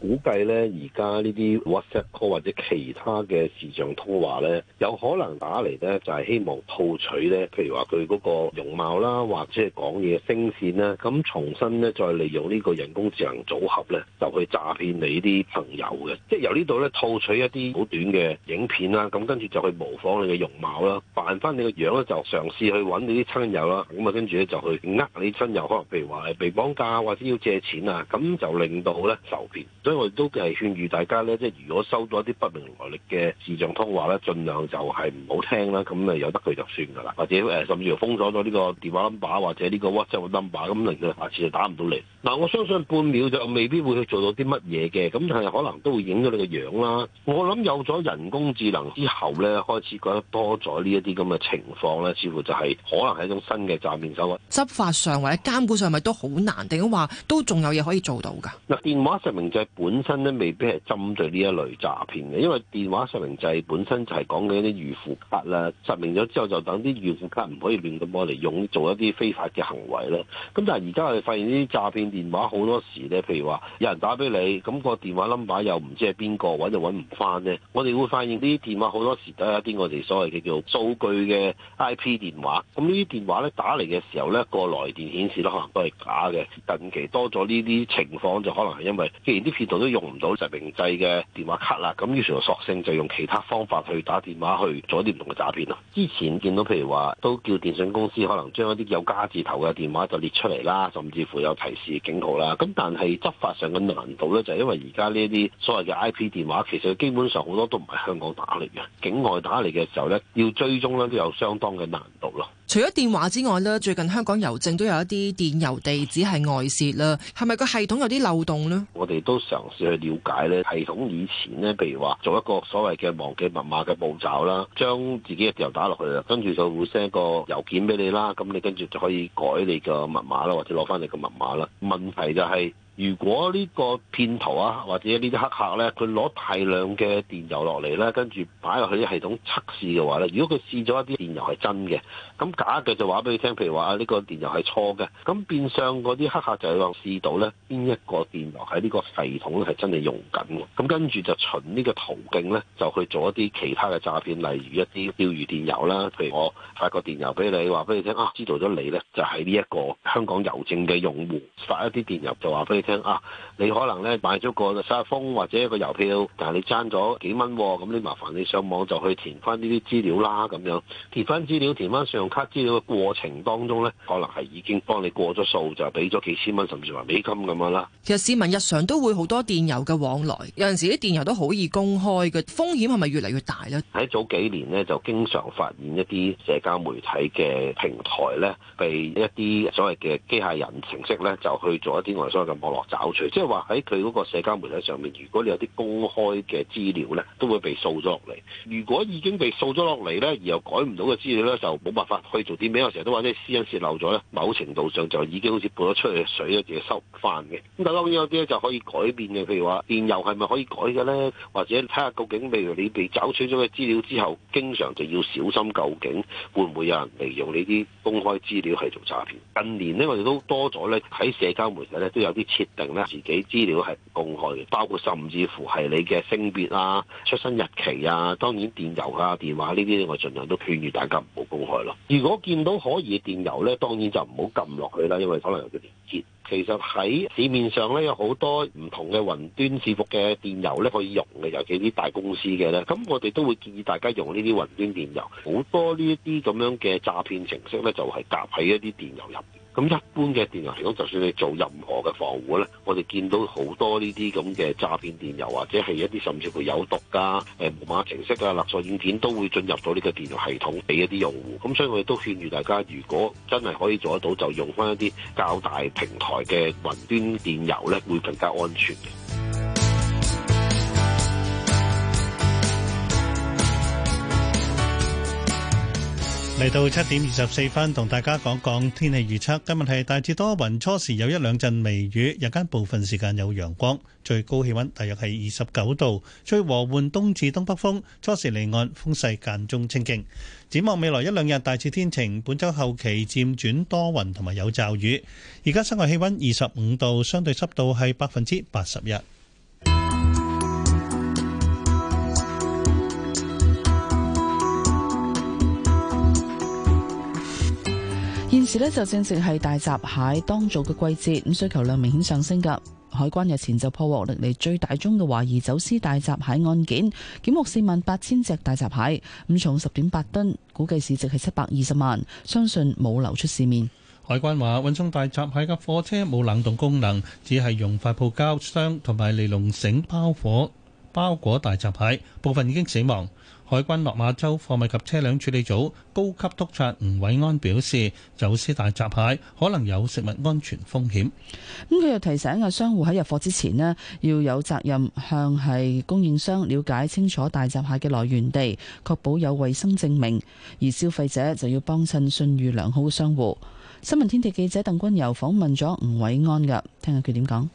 估計咧，而家呢啲 WhatsApp call 或者其他嘅視像通話咧，有可能打嚟咧就係希望套取咧，譬如話佢嗰個容貌啦，或者係講嘢聲線咧，咁重新咧再利用呢個人工智能組合咧，就去詐騙你啲朋友嘅，即係由呢度咧套取一啲好短嘅影片啦，咁跟住就去模仿你嘅容貌啦，扮翻你嘅樣咧就嘗試去揾你啲親友啦，咁啊跟住咧就去呃你啲親友，可能譬如話係被綁架或者要借錢啊，咁就令到咧受騙。所以我哋都係勸喻大家咧，即係如果收到一啲不明來歷嘅視像通話咧，儘量就係唔好聽啦。咁誒由得佢就算噶啦，或者誒甚至封鎖咗呢個電話 number 或者呢個 WhatsApp number，咁令佢下次就打唔到你。嗱，我相信半秒就未必會去做到啲乜嘢嘅，咁但係可能都會影咗你個樣啦。我諗有咗人工智能之後咧，開始覺得多咗呢一啲咁嘅情況咧，似乎就係可能係一種新嘅詐騙手法。
執法上或者監管上，咪都好難，定話都仲有嘢可以做到㗎？
嗱，電話實名制本身咧，未必係針對呢一類詐騙嘅，因為電話實名制本身就係講緊一啲預付卡啦，實名咗之後就等啲預付卡唔可以亂咁攞嚟用，做一啲非法嘅行為啦。咁但係而家我哋發現呢啲詐騙電話好多時咧，譬如話有人打俾你，咁個電話 number 又唔知係邊個，揾就揾唔翻呢。我哋會發現呢啲電話好多時都係一啲我哋所謂嘅叫數據嘅 IP 電話。咁呢啲電話咧，打嚟嘅時候咧，個來電顯示都可能都係假嘅。近期多咗呢啲情況，就可能係因為既然啲騙徒都用唔到就實名制嘅電話卡啦，咁於是就索性就用其他方法去打電話去做啲唔同嘅詐騙咯。之前見到譬如話都叫電信公司可能將一啲有家字頭嘅電話就列出嚟啦，甚至乎有提示。警告啦，咁但係執法上嘅難度呢，就係因為而家呢啲所謂嘅 IP 電話，其實基本上好多都唔係香港打嚟嘅，境外打嚟嘅時候呢，要追蹤呢都有相當嘅難度咯。
除咗電話之外呢，最近香港郵政都有一啲電郵地址係外泄啦，係咪個系統有啲漏洞呢？
我哋都嘗試去了解呢系統以前呢，譬如話做一個所謂嘅忘記密碼嘅步驟啦，將自己嘅電郵打落去啦，跟住就會 send 個郵件俾你啦，咁你跟住就可以改你個密碼啦，或者攞翻你個密碼啦。問題就係、是，如果呢個騙徒啊，或者呢啲黑客咧，佢攞大量嘅電郵落嚟咧，跟住擺落去啲系統測試嘅話咧，如果佢試咗一啲電郵係真嘅。咁假嘅就話俾你聽，譬如話呢個電郵係錯嘅。咁變相嗰啲黑客就去試到呢邊一個電郵喺呢個系統係真係用緊嘅。咁跟住就循呢個途徑呢，就去做一啲其他嘅詐騙，例如一啲釣魚電郵啦。譬如我發個電郵俾你，話俾你聽啊，知道咗你呢，就係呢一個香港郵政嘅用戶，發一啲電郵就話俾你聽啊，你可能呢買咗個沙封或者一個郵票，但係你爭咗幾蚊喎、啊，咁你麻煩你上網就去填翻呢啲資料啦，咁樣填翻資料填翻上。卡資料嘅過程當中咧，可能係已經幫你過咗數，就俾咗幾千蚊，甚至話美金咁樣啦。
其實市民日常都會好多電郵嘅往來，有陣時啲電郵都好易公開嘅，風險係咪越嚟越大咧？
喺早幾年咧，就經常發現一啲社交媒體嘅平台咧，被一啲所謂嘅機械人程式咧，就去做一啲我哋所謂嘅網絡找取，即係話喺佢嗰個社交媒體上面，如果你有啲公開嘅資料咧，都會被掃咗落嚟。如果已經被掃咗落嚟咧，而又改唔到嘅資料咧，就冇辦法。去做啲咩？我成日都話啲私隱泄漏咗咧，某程度上就已經好似潑咗出去嘅水咧，就收唔翻嘅。咁當然有啲咧就可以改變嘅，譬如話電郵係咪可以改嘅咧？或者睇下究竟，譬如你被找取咗嘅資料之後，經常就要小心，究竟會唔會有人利用你啲公開資料係做詐騙？近年呢，我哋都多咗咧喺社交媒體咧都有啲設定咧，自己資料係公開嘅，包括甚至乎係你嘅性別啊、出生日期啊、當然電郵啊、電話呢、啊、啲，我儘量都勸喻大家唔好公開咯。如果見到可疑嘅電郵呢，當然就唔好撳落去啦，因為可能有啲連結。其實喺市面上呢，有好多唔同嘅雲端伺服嘅電郵呢可以用嘅，尤其啲大公司嘅呢。咁我哋都會建議大家用呢啲雲端電郵。好多呢一啲咁樣嘅詐騙程式呢，就係夾喺一啲電郵入邊。咁一般嘅電郵系統，就算你做任何嘅防護呢，我哋見到好多呢啲咁嘅詐騙電郵，或者係一啲甚至乎有毒噶、啊、誒無碼程式啊、勒索影片都會進入到呢個電郵系統俾一啲用戶。咁所以我哋都勸喻大家，如果真係可以做得到，就用翻一啲較大平台嘅雲端電郵呢，會更加安全。
嚟到七點二十四分，同大家講講天氣預測。今日係大致多雲，初時有一兩陣微雨，日間部分時間有陽光，最高氣溫大約係二十九度，吹和緩東至東北風，初時離岸風勢間中清勁。展望未來一兩日大致天晴，本周後期漸轉多雲同埋有驟雨。而家室外氣溫二十五度，相對濕度係百分之八十一。
呢時就正值係大閘蟹當造嘅季節，咁需求量明顯上升噶。海關日前就破獲歷嚟最大宗嘅懷疑走私大閘蟹案件，檢獲四萬八千隻大閘蟹，咁重十點八噸，估計市值係七百二十萬，相信冇流出市面。
海關話，運送大閘蟹嘅貨車冇冷凍功能，只係用發泡膠箱同埋尼龍繩包火，包裹大閘蟹，部分已經死亡。海關落馬洲貨物及車輛處理組高級督察吳偉安表示，走私大閘蟹可能有食物安全風險。
咁佢又提醒啊，商戶喺入貨之前咧，要有責任向係供應商了解清楚大閘蟹嘅來源地，確保有衛生證明。而消費者就要幫襯信譽良好嘅商戶。新聞天地記者鄧君游，訪問咗吳偉安噶，聽下佢點講。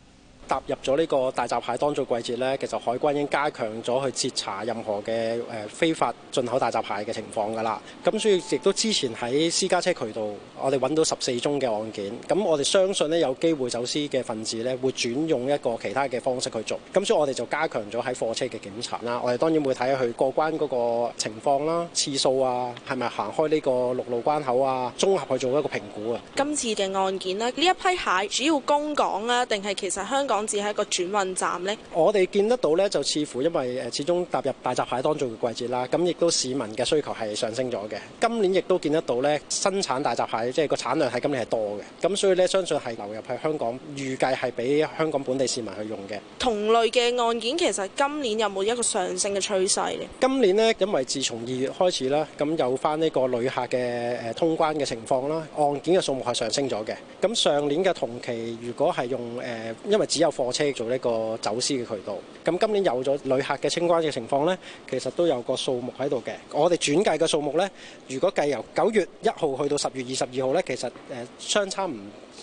踏入咗呢個大閘蟹當造季節呢，其實海關已經加強咗去徹查任何嘅誒非法進口大閘蟹嘅情況㗎啦。咁所以亦都之前喺私家車渠道，我哋揾到十四宗嘅案件。咁我哋相信呢，有機會走私嘅分子呢會轉用一個其他嘅方式去做。咁所以我哋就加強咗喺貨車嘅檢查啦。我哋當然會睇下佢過關嗰個情況啦、次數啊，係咪行開呢個陸路關口啊，綜合去做一個評估啊。
今次嘅案件呢，呢一批蟹主要供港啊，定係其實香港？港只係一個轉運站呢，
我哋見得到呢，就似乎因為誒始終踏入大閘蟹當造嘅季節啦，咁亦都市民嘅需求係上升咗嘅。今年亦都見得到呢，生產大閘蟹即係個產量喺今年係多嘅，咁所以呢，相信係流入去香港，預計係畀香港本地市民去用嘅。
同類嘅案件其實今年有冇一個上升嘅趨勢呢？
今年呢，因為自從二月開始啦，咁有翻呢個旅客嘅誒通關嘅情況啦，案件嘅數目係上升咗嘅。咁上年嘅同期，如果係用誒、呃，因為有貨車做呢個走私嘅渠道，咁今年有咗旅客嘅清關嘅情況咧，其實都有個數目喺度嘅。我哋轉計嘅數目咧，如果計由九月一號去到十月二十二號咧，其實誒相差唔。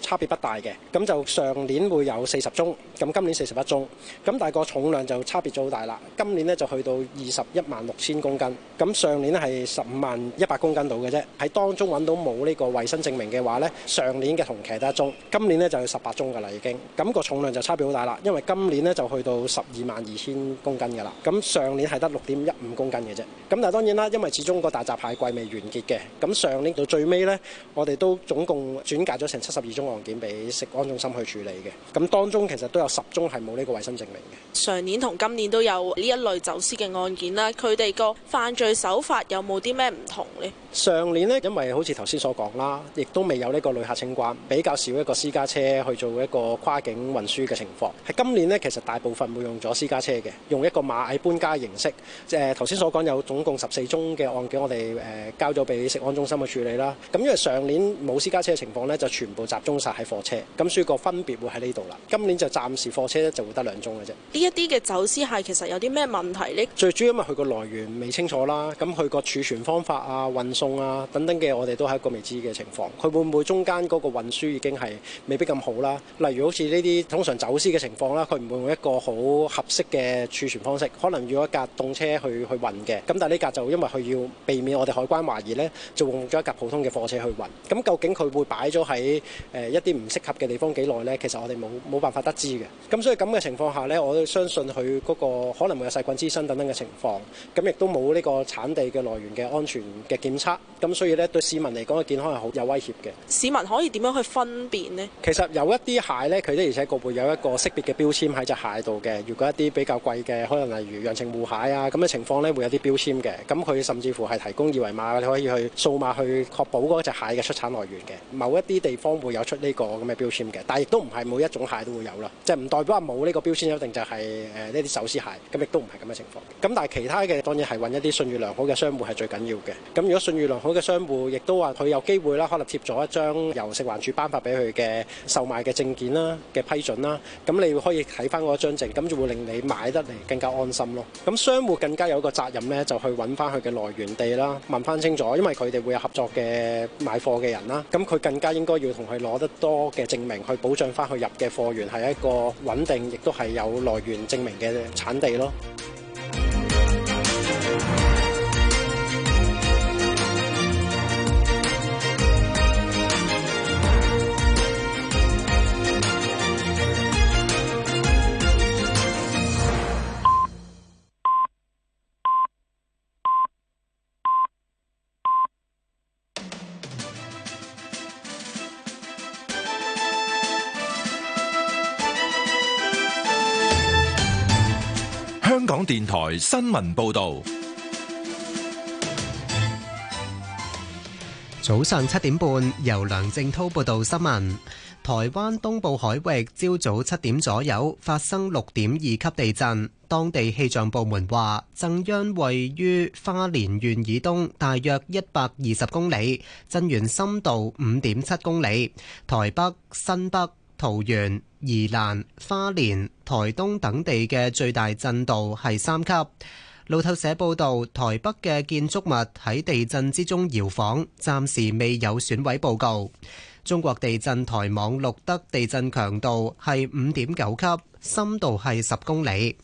差別不大嘅，咁就上年會有四十宗，咁今年四十一宗，咁但係個重量就差別咗好大啦。今年呢就去到二十一萬六千公斤，咁上年咧係十五萬一百公斤度嘅啫。喺當中揾到冇呢個衞生證明嘅話呢，上年嘅同期得一宗，今年呢就十八宗㗎啦已經。咁個重量就差別好大啦，因為今年呢就去到十二萬二千公斤㗎啦。咁上年係得六點一五公斤嘅啫。咁但係當然啦，因為始終個大閘蟹季未完結嘅，咁上年到最尾呢，我哋都總共轉介咗成七十二宗案件俾食安中心去處理嘅，咁當中其實都有十宗係冇呢個衛生證明嘅。
上年同今年都有呢一類走私嘅案件啦，佢哋個犯罪手法有冇啲咩唔同呢？
上年呢，因為好似頭先所講啦，亦都未有呢個旅客清關，比較少一個私家車去做一個跨境運輸嘅情況。喺今年呢，其實大部分會用咗私家車嘅，用一個螞蟻搬家形式。即、呃、誒，頭先所講有總共十四宗嘅案件我，我哋誒交咗俾食安中心去處理啦。咁因為上年冇私家車嘅情況呢，就全部集中曬喺貨車，咁所以個分別會喺呢度啦。今年就暫時貨車咧就會得兩宗嘅啫。
呢一啲嘅走私係其實有啲咩問題咧？
最主要因為佢個來源未清楚啦。咁佢個儲存方法啊、運送啊等等嘅，我哋都係一個未知嘅情況。佢會唔會中間嗰個運輸已經係未必咁好啦？例如好似呢啲通常走私嘅情況啦，佢唔會用一個好合適嘅儲存方式，可能要一架凍車去去運嘅。咁但係呢架就因為佢要避免我哋海關懷疑呢，就用咗一架普通嘅貨車去運。咁究竟佢會擺咗喺誒？呃一啲唔適合嘅地方幾耐呢？其實我哋冇冇辦法得知嘅。咁所以咁嘅情況下呢，我都相信佢嗰個可能會有細菌滋生等等嘅情況。咁亦都冇呢個產地嘅來源嘅安全嘅檢測。咁所以呢，對市民嚟講嘅健康係好有威脅嘅。
市民可以點樣去分辨呢？
其實有一啲蟹呢，佢哋而且個會有一個識別嘅標籤喺隻蟹度嘅。如果一啲比較貴嘅，可能例如陽澄湖蟹啊咁嘅情況呢，會有啲標籤嘅。咁佢甚至乎係提供二維碼，你可以去掃碼去確保嗰隻蟹嘅出產來源嘅。某一啲地方會有出呢個咁嘅標籤嘅，但係亦都唔係每一種蟹都會有啦，即係唔代表話冇呢個標籤一定就係誒呢啲走私蟹，咁亦都唔係咁嘅情況。咁但係其他嘅當然係揾一啲信譽良好嘅商戶係最緊要嘅。咁如果信譽良好嘅商戶，亦都話佢有機會啦，可能貼咗一張由食環署頒發俾佢嘅售賣嘅證件啦嘅批准啦，咁你可以睇翻嗰一張證，咁就會令你買得嚟更加安心咯。咁商戶更加有個責任呢，就去揾翻佢嘅來源地啦，問翻清楚，因為佢哋會有合作嘅買貨嘅人啦，咁佢更加應該要同佢攞。得多嘅證明去保障翻去入嘅貨源係一個穩定，亦都係有來源證明嘅產地咯。
電台新聞報道，
早上七點半，由梁正濤報道新聞。台灣東部海域朝早七點左右發生六點二級地震，當地氣象部門話，震央位於花蓮縣以東大約一百二十公里，震源深度五點七公里，台北新北、桃園、宜蘭、花蓮、台東等地嘅最大震度係三級。路透社報導，台北嘅建築物喺地震之中搖晃，暫時未有損毀報告。中國地震台網錄得地震強度係五點九級，深度係十公里。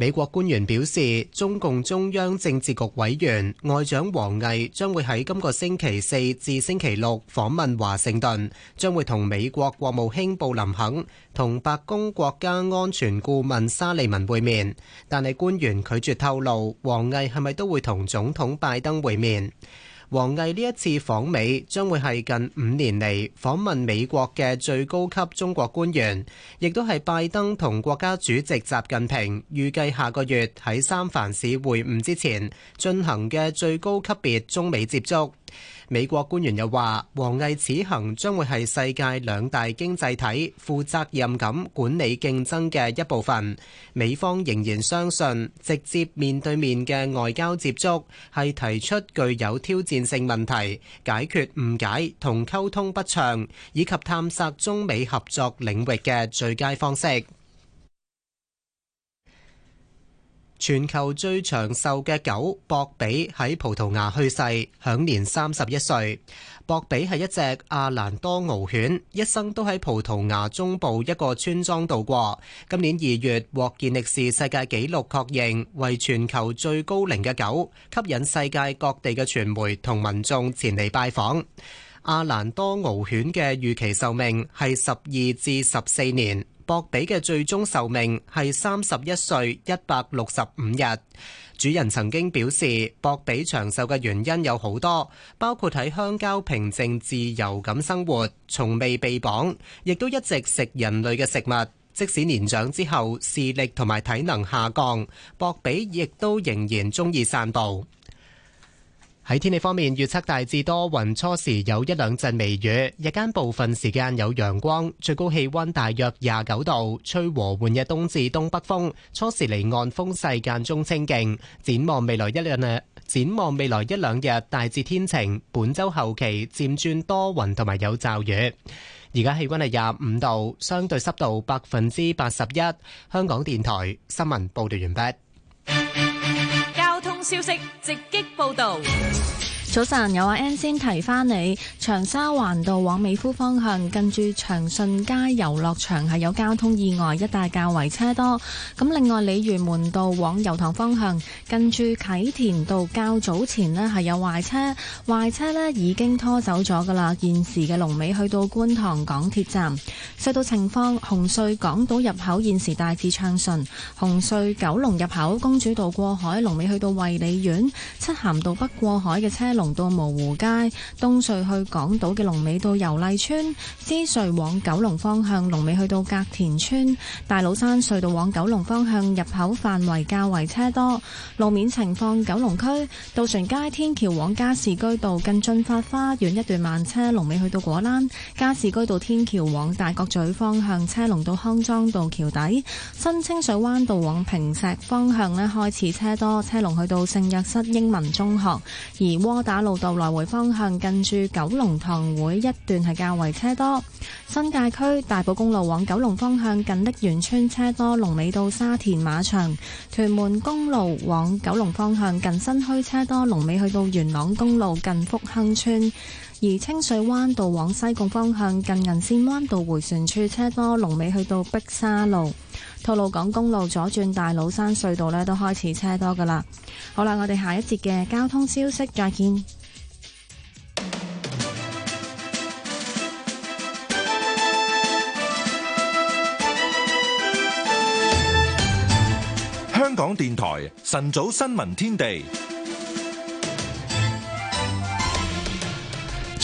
美國官員表示，中共中央政治局委員外長王毅將會喺今個星期四至星期六訪問華盛頓，將會同美國國務卿布林肯同白宮國家安全顧問沙利文會面，但係官員拒絕透露王毅係咪都會同總統拜登會面。王毅呢一次訪美將會係近五年嚟訪問美國嘅最高級中國官員，亦都係拜登同國家主席習近平預計下個月喺三藩市會晤之前進行嘅最高級別中美接觸。美國官員又話：王毅此行將會係世界兩大經濟體負責任噉管理競爭嘅一部分。美方仍然相信，直接面對面嘅外交接觸係提出具有挑戰性問題、解決誤解、同溝通不暢以及探索中美合作領域嘅最佳方式。全球最長壽嘅狗博比喺葡萄牙去世，享年三十一歲。博比係一隻阿蘭多獒犬，一生都喺葡萄牙中部一個村莊度過。今年二月獲健力士世界紀錄確認為全球最高齡嘅狗，吸引世界各地嘅傳媒同民眾前嚟拜訪。阿蘭多獒犬嘅預期壽命係十二至十四年。博比嘅最終壽命係三十一歲一百六十五日。主人曾經表示，博比長壽嘅原因有好多，包括喺鄉郊平靜自由咁生活，從未被綁，亦都一直食人類嘅食物。即使年長之後視力同埋體能下降，博比亦都仍然鍾意散步。喺天氣方面，預測大致多雲，初時有一兩陣微雨，日間部分時間有陽光，最高氣溫大約廿九度，吹和緩嘅東至東北風，初時離岸風勢間中清勁。展望未來一兩日，展望未來一兩日大致天晴，本周後期漸轉多雲同埋有驟雨。而家氣溫係廿五度，相對濕度百分之八十一。香港電台新聞報道完畢。
消息直擊報道。Yes.
早晨，有啊 N 先提翻你，長沙灣道往美孚方向近住長順街遊樂場係有交通意外，一帶較為車多。咁另外鯉魚門道往油塘方向近住啟田道較早前咧，係有壞車，壞車咧已經拖走咗噶啦。現時嘅龍尾去到觀塘港鐵站。隧道情況，紅隧港島入口現時大致暢順，紅隧九龍入口公主道過海龍尾去到惠理苑，漆咸道北過海嘅車。龍到蕪湖街，東隧去港島嘅龍尾到油麗邨，獅隧往九龍方向龍尾去到隔田村，大老山隧道往九龍方向入口範圍較為車多，路面情況九龍區，渡船街天橋往嘉士居道近駿發花園一段慢車，龍尾去到果欄，嘉士居道天橋往大角咀方向車龍到康莊道橋底，新清水灣道往坪石方向咧開始車多，車龍去到聖若瑟英文中學，而窩。打路道來回方向近住九龍塘會一段係較為車多，新界區大埔公路往九龍方向近瀝源村車多，龍尾到沙田馬場；屯門公路往九龍方向近新墟車多，龍尾去到元朗公路近福亨村，而清水灣道往西貢方向近銀線灣道回旋處車多，龍尾去到碧沙路。吐露港公路左轉大老山隧道咧，都開始車多㗎喇。好啦，我哋下一節嘅交通消息再見。
香港電台晨早新聞天地。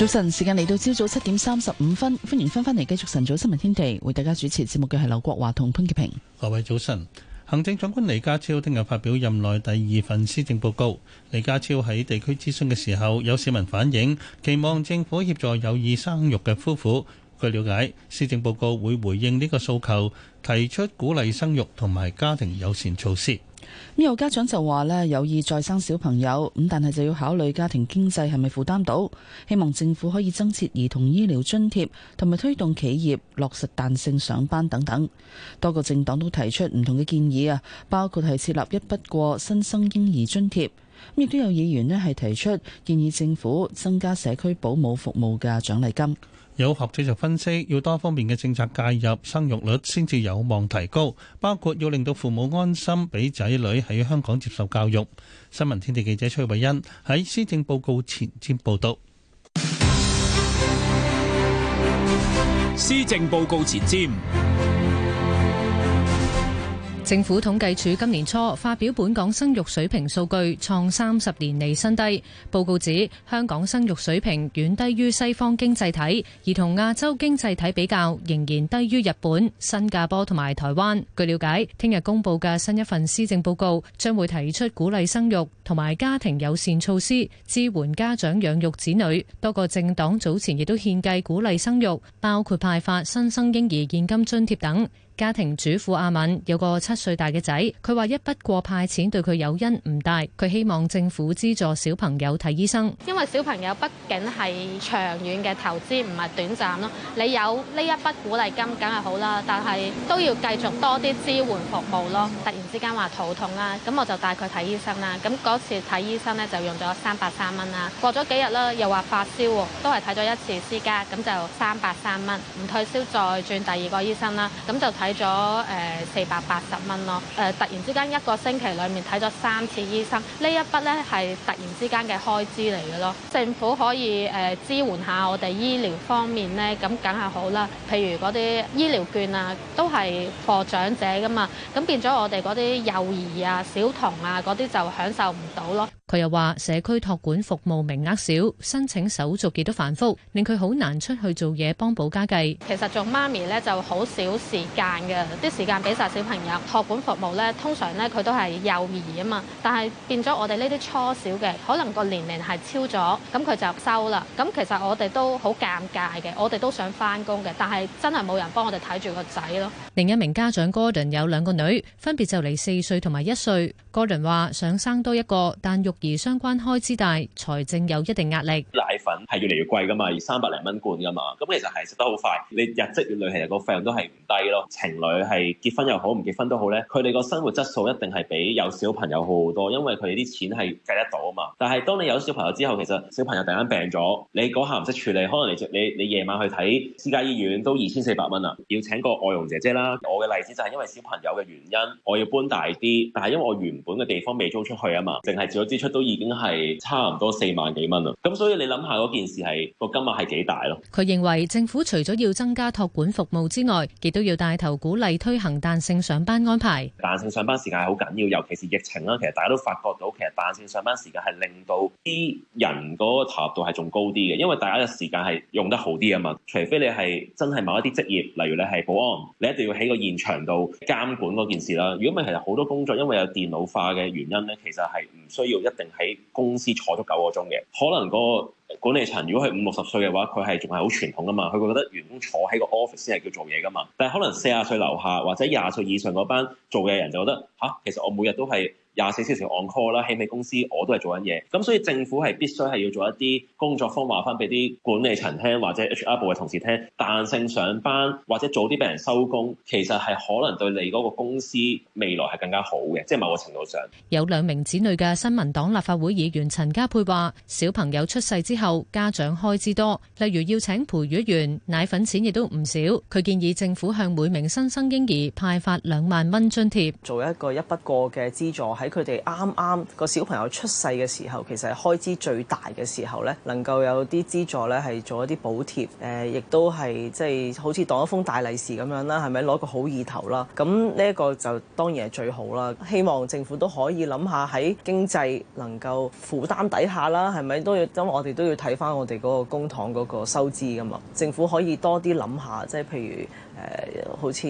早晨，時間嚟到朝早七點三十五分，歡迎翻返嚟繼續晨早新聞天地，為大家主持節目嘅係劉國華同潘潔平。
各位早晨，行政長官李家超聽日發表任內第二份施政報告。李家超喺地區諮詢嘅時候，有市民反映期望政府協助有意生育嘅夫婦。據了解，施政報告會回應呢個訴求，提出鼓勵生育同埋家庭友善措施。
咁有家長就話呢，有意再生小朋友，咁但係就要考慮家庭經濟係咪負擔到，希望政府可以增設兒童醫療津貼，同埋推動企業落實彈性上班等等。多個政黨都提出唔同嘅建議啊，包括係設立一筆過新生嬰兒津貼。咁亦都有議員呢係提出建議政府增加社區保姆服務嘅獎勵金。
有學者就分析，要多方面嘅政策介入，生育率先至有望提高，包括要令到父母安心，俾仔女喺香港接受教育。新聞天地記者崔慧欣喺施政報告前瞻報導。
施政報告前瞻。
政府統計處今年初發表本港生育水平數據，創三十年嚟新低。報告指，香港生育水平遠低於西方經濟體，而同亞洲經濟體比較，仍然低於日本、新加坡同埋台灣。據了解，聽日公布嘅新一份施政報告將會提出鼓勵生育同埋家庭友善措施，支援家長養育子女。多個政黨早前亦都獻計鼓勵生育，包括派發新生嬰兒現金津貼等。家庭主婦阿敏有個七歲大嘅仔，佢話一筆過派錢對佢誘因唔大，佢希望政府資助小朋友睇醫生。
因為小朋友畢竟係長遠嘅投資，唔係短暫咯。你有呢一筆鼓勵金梗係好啦，但係都要繼續多啲支援服務咯。 突然之間話肚痛啦，咁我就帶佢睇醫生啦。咁嗰次睇醫生呢，就用咗三百三蚊啦。過咗幾日啦，又話發燒喎，都係睇咗一次私家，咁就三百三蚊。唔退燒再轉第二個醫生啦，咁就睇咗誒四百八十蚊咯，誒突然之間一個星期裡面睇咗三次醫生，呢一筆咧係突然之間嘅開支嚟嘅咯。政府可以誒支援下我哋醫療方面咧，咁梗係好啦。譬如嗰啲醫療券啊，都係畀長者噶嘛，咁變咗我哋嗰啲幼兒啊、小童啊嗰啲就享受唔到咯。
佢又話社區託管服務名額少，申請手續亦都繁複，令佢好難出去做嘢幫補家計。
其實做媽咪咧就好少時間㗎，啲時間俾晒小朋友。託管服務咧通常咧佢都係幼兒啊嘛，但係變咗我哋呢啲初小嘅，可能個年齡係超咗，咁佢就收啦。咁其實我哋都好尷尬嘅，我哋都想返工嘅，但係真係冇人幫我哋睇住個仔咯。
另一名家長戈倫有兩個女，分別就嚟四歲同埋一歲。戈倫話想生多一個，但育而相關開支大，財政有一定壓力。
奶粉係越嚟越貴㗎嘛，而三百零蚊罐㗎嘛，咁其實係食得好快。你日積月累，其實個費用都係唔低咯。情侶係結婚又好，唔結婚都好咧，佢哋個生活質素一定係比有小朋友好好多，因為佢哋啲錢係計得到啊嘛。但係當你有小朋友之後，其實小朋友突然間病咗，你嗰下唔識處理，可能你你你夜晚去睇私家醫院都二千四百蚊啦，要請個外傭姐姐啦。我嘅例子就係因為小朋友嘅原因，我要搬大啲，但係因為我原本嘅地方未租出去啊嘛，淨係自咗支出。都已經係差唔多四萬幾蚊啦，咁所以你諗下嗰件事係個金額係幾大咯？
佢認為政府除咗要增加託管服務之外，亦都要帶頭鼓勵推行彈性上班安排。
彈性上班時間係好緊要，尤其是疫情啦。其實大家都發覺到，其實彈性上班時間係令到啲人個投入度係仲高啲嘅，因為大家嘅時間係用得好啲啊嘛。除非你係真係某一啲職業，例如你係保安，你一定要喺個現場度監管嗰件事啦。如果唔係，其實好多工作因為有電腦化嘅原因咧，其實係唔需要一定喺公司坐咗九個鐘嘅，可能個管理層如果係五六十歲嘅話，佢係仲係好傳統噶嘛，佢會覺得員工坐喺個 office 先係叫做嘢噶嘛。但係可能四廿歲樓下或者廿歲以上嗰班做嘅人就覺得吓、啊，其實我每日都係。廿四小時 on call 啦，起碼公司我都係做緊嘢，咁所以政府係必須係要做一啲工作方法，話翻俾啲管理層聽或者 HR 部嘅同事聽，彈性上班或者早啲俾人收工，其實係可能對你嗰個公司未來係更加好嘅，即係某個程度上。
有兩名子女嘅新民黨立法會議員陳家佩話：小朋友出世之後，家長開支多，例如要請陪月員、奶粉錢亦都唔少。佢建議政府向每名新生嬰兒派發兩萬蚊津貼，做
一個一筆過嘅資助。喺佢哋啱啱個小朋友出世嘅時候，其實係開支最大嘅時候呢，能夠有啲資助呢，係做一啲補貼，誒、呃，亦都係即係好似當一封大利是咁樣啦，係咪攞個好意頭啦？咁呢一個就當然係最好啦。希望政府都可以諗下喺經濟能夠負擔底下啦，係咪都要？因為我哋都要睇翻我哋嗰個公帑嗰個收支噶嘛。政府可以多啲諗下，即係譬如。誒、呃，好似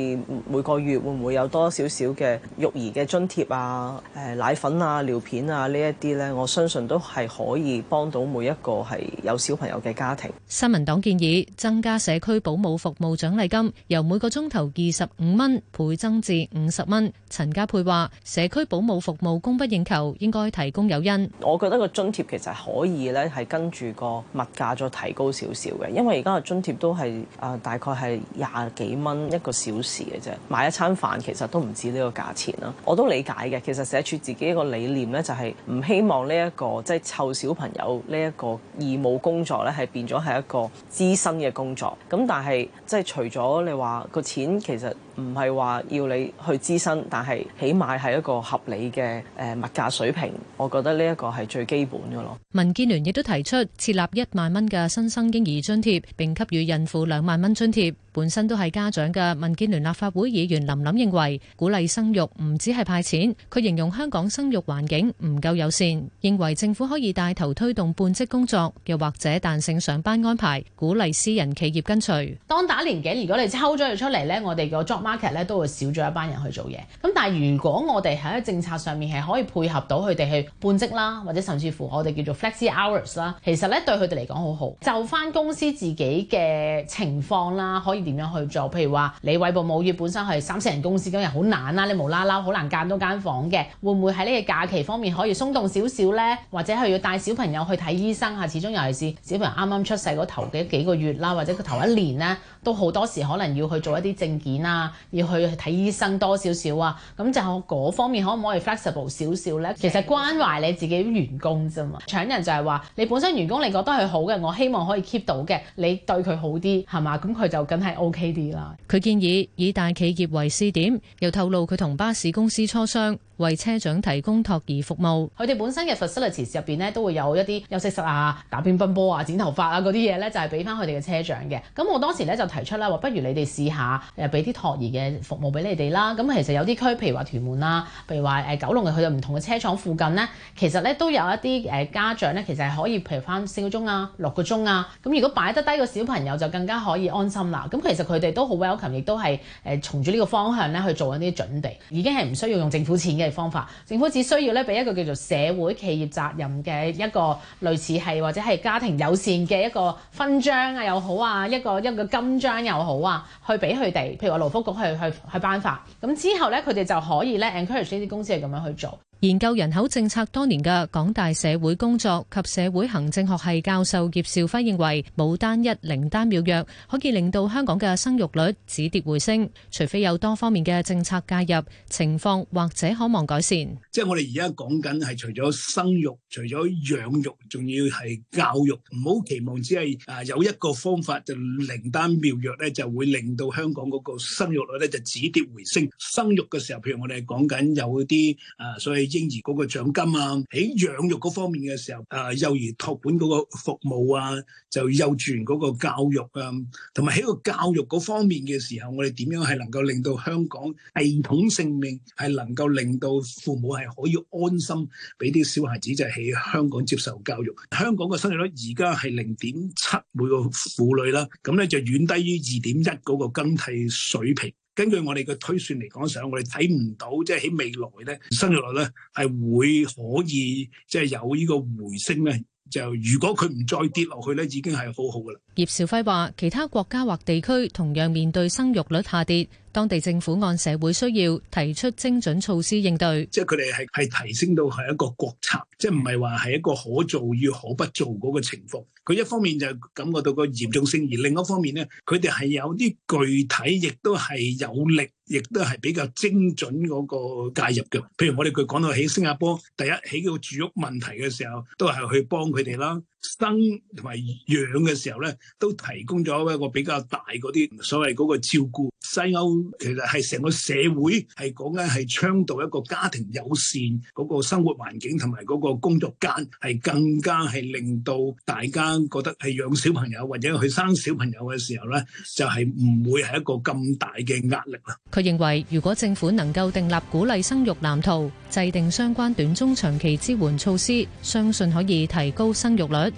每個月會唔會有多少少嘅育兒嘅津貼啊？誒、呃，奶粉啊、尿片啊一呢一啲咧，我相信都係可以幫到每一個係有小朋友嘅家庭。
新民黨建議增加社區保姆服務獎勵金，由每個鐘頭二十五蚊倍增至五十蚊。陳家佩話：社區保姆服務供不應求，應該提供有因。
我覺得個津貼其實可以咧，係跟住個物價再提高少少嘅，因為而家嘅津貼都係啊、呃，大概係廿幾。蚊一個小時嘅啫，買一餐飯其實都唔止呢個價錢啦。我都理解嘅，其實社署自己一個理念呢，就係、是、唔希望呢、這、一個即係湊小朋友呢一個義務工作呢，係變咗係一個資深嘅工作。咁但係即係除咗你話個錢其實。唔係話要你去諮詢，但係起碼係一個合理嘅、誒物價水平，我覺得呢一個係最基本嘅咯。
民建聯亦都提出設立一萬蚊嘅新生嬰兒津貼，並給予孕婦兩萬蚊津貼，本身都係家長嘅，民建聯立法會議員林琳認為鼓勵生育唔只係派錢，佢形容香港生育環境唔夠友善，認為政府可以帶頭推動半職工作，又或者彈性上班安排，鼓勵私人企業跟隨。當
打年紀，如果你抽咗佢出嚟咧，我哋個 job market 咧都會少咗一班人去做嘢，咁但係如果我哋喺政策上面係可以配合到佢哋去半職啦，或者甚至乎我哋叫做 flexi hours 啦，其實咧對佢哋嚟講好好。就返公司自己嘅情況啦，可以點樣去做？譬如話，你偉部武業本身係三四人公司咁，日好難啦，你無啦啦好難間到間房嘅，會唔會喺呢個假期方面可以鬆動少少呢？或者係要帶小朋友去睇醫生啊，始終尤其是小朋友啱啱出世嗰頭嘅幾個月啦，或者佢頭一年呢。都好多時可能要去做一啲證件啊，要去睇醫生多少少啊，咁就嗰方面可唔可以 flexible 少少呢？其實關懷你自己員工啫嘛，搶人就係話你本身員工你覺得係好嘅，我希望可以 keep 到嘅，你對佢好啲係嘛？咁佢就
梗係 OK 啲啦。佢建議以大企業為試點，又透露佢同巴士公司磋商，為車長提供托兒服務。佢哋本身嘅 facilities 入邊呢都會有一啲
休息室啊、打乒乓波啊、剪頭髮啊嗰啲嘢呢，就係俾翻佢哋嘅車長嘅。咁我當時呢就提出啦，話不如你哋試下，誒俾啲托兒嘅服務俾你哋啦。咁其實有啲區，譬如話屯門啦，譬如話誒九龍去到唔同嘅車廠附近呢，其實呢都有一啲誒家長呢，其實係可以譬如返四個鐘啊、六個鐘啊。咁如果擺得低個小朋友就更加可以安心啦。咁其實佢哋都好 welcome，亦都係誒從住呢個方向呢去做緊啲準備，已經係唔需要用政府錢嘅方法，政府只需要呢俾一個叫做社會企業責任嘅一個類似係或者係家庭友善嘅一個勛章啊又好啊，一個一個金。章又好啊，去俾佢哋，譬如話勞福局去去去頒發咁。之後咧，佢哋就可以咧 encourage
呢啲公司係咁樣去做。研究人口政策多年嘅港大社會工作及社會行政學系教授葉兆輝認為，冇單一靈丹妙藥可以令到香港嘅生育率止跌回升，除非有多方面嘅政策介入，情況或者可望改善。
即係我哋而家講緊係，除咗生育，除咗養育，仲要係教育，唔好期望只係啊有一個方法就靈丹妙藥咧，就會令到香港嗰個生育率咧就止跌回升。生育嘅時候，譬如我哋講緊有啲啊，所以。嬰兒嗰個獎金啊，喺養育嗰方面嘅時候，誒、呃，幼兒托管嗰個服務啊，就幼稚園嗰個教育啊，同埋喺個教育嗰方面嘅時候，我哋點樣係能夠令到香港系統性命係能夠令到父母係可以安心俾啲小孩子就喺、是、香港接受教育。香港嘅生育率而家係零點七每個婦女啦，咁咧就遠低於二點一嗰個更替水平。根據我哋嘅推算嚟講，上我哋睇唔到，即係喺未來咧，生育率咧係會可以即係、就是、有呢個回升咧。就如果佢唔再跌落去咧，已經係好好嘅啦。
葉兆輝話，其他國家或地區同樣面對生育率下跌，當地政府按社會需要提出精準措施
應對。即係佢哋係係提升到係一個國策，即係唔係話係一個可做與可不做嗰個情況。佢一方面就感覺到個嚴重性，而另一方面咧，佢哋係有啲具體，亦都係有力，亦都係比較精準嗰個介入嘅。譬如我哋佢講到喺新加坡，第一起嗰個住屋問題嘅時候，都係去幫佢哋啦。生同埋養嘅時候咧，都提供咗一個比較大嗰啲所謂嗰個照顧。西歐其實係成個社會係講緊係倡導一個家庭友善嗰個生活環境同埋嗰個工作間，係更加係令到大家覺得係養小朋友或者去生小朋友嘅時候咧，就係唔會係一個咁大嘅壓力啦。
佢認為，如果政府能夠訂立鼓勵生育藍圖，制定相關短中長期支援措施，相信可以提高生育率。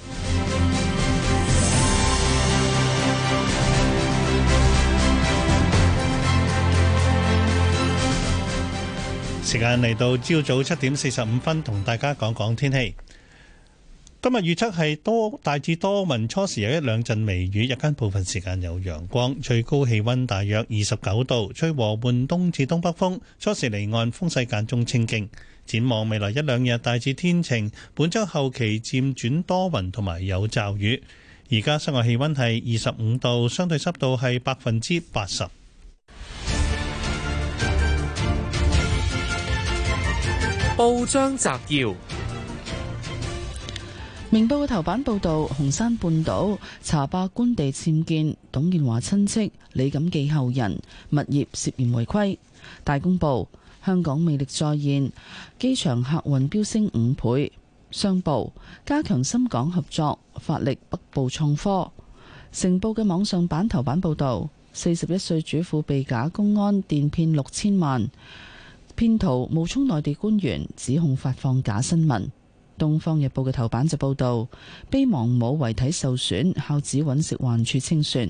時間嚟到朝早七點四十五分，同大家講講天氣。今日預測係多，大致多雲，初時有一兩陣微雨，日間部分時間有陽光，最高氣溫大約二十九度，吹和緩東至東北風，初時離岸風勢間中清勁。展望未來一兩日，大致天晴，本週後期漸轉多雲同埋有驟雨。而家室外氣温係二十五度，相對濕度係百分之八十。報章摘要：明
報嘅頭版報導，紅山半島查霸官地僭建，董建華親戚、李錦記後人物業涉嫌違規。大公報。香港魅力再現，機場客運飆升五倍。商報加強深港合作，發力北部創科。成報嘅網上版頭版報導，四十一歲主婦被假公安電騙六千萬，騙徒冒充內地官員，指控發放假新聞。《東方日報》嘅頭版就報導，
悲亡母遺體受損，孝子揾食環處清算。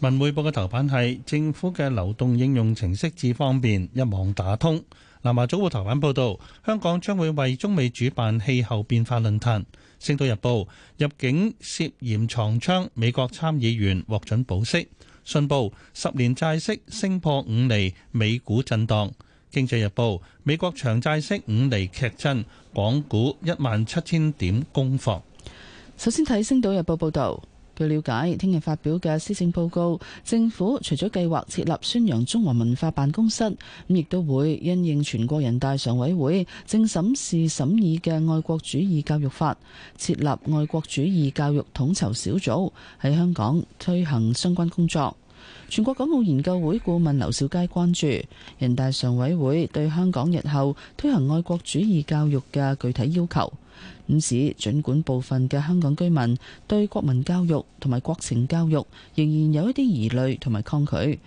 文匯報嘅頭版係政府嘅流動應用程式至方便，一網打通。南華早報頭版報道，香港將會為中美主辦氣候變化論壇。星島日報入境涉嫌藏槍，美國參議員獲准保釋。信報十年債息升破五厘，美股震蕩。經濟日報美國長債息五厘劇震，港股一萬七千點攻防。
首先睇星島日報報道。據了解，聽日發表嘅施政報告，政府除咗計劃設立宣揚中華文化辦公室，咁亦都會因應全國人大常委會正審視審議嘅《愛國主義教育法》，設立愛國主義教育統籌小組，喺香港推行相關工作。全國港澳研究會顧問劉兆佳關注，人大常委會對香港日後推行愛國主義教育嘅具體要求。五市，儘管部分嘅香港居民對國民教育同埋國情教育仍然有一啲疑慮同埋抗拒，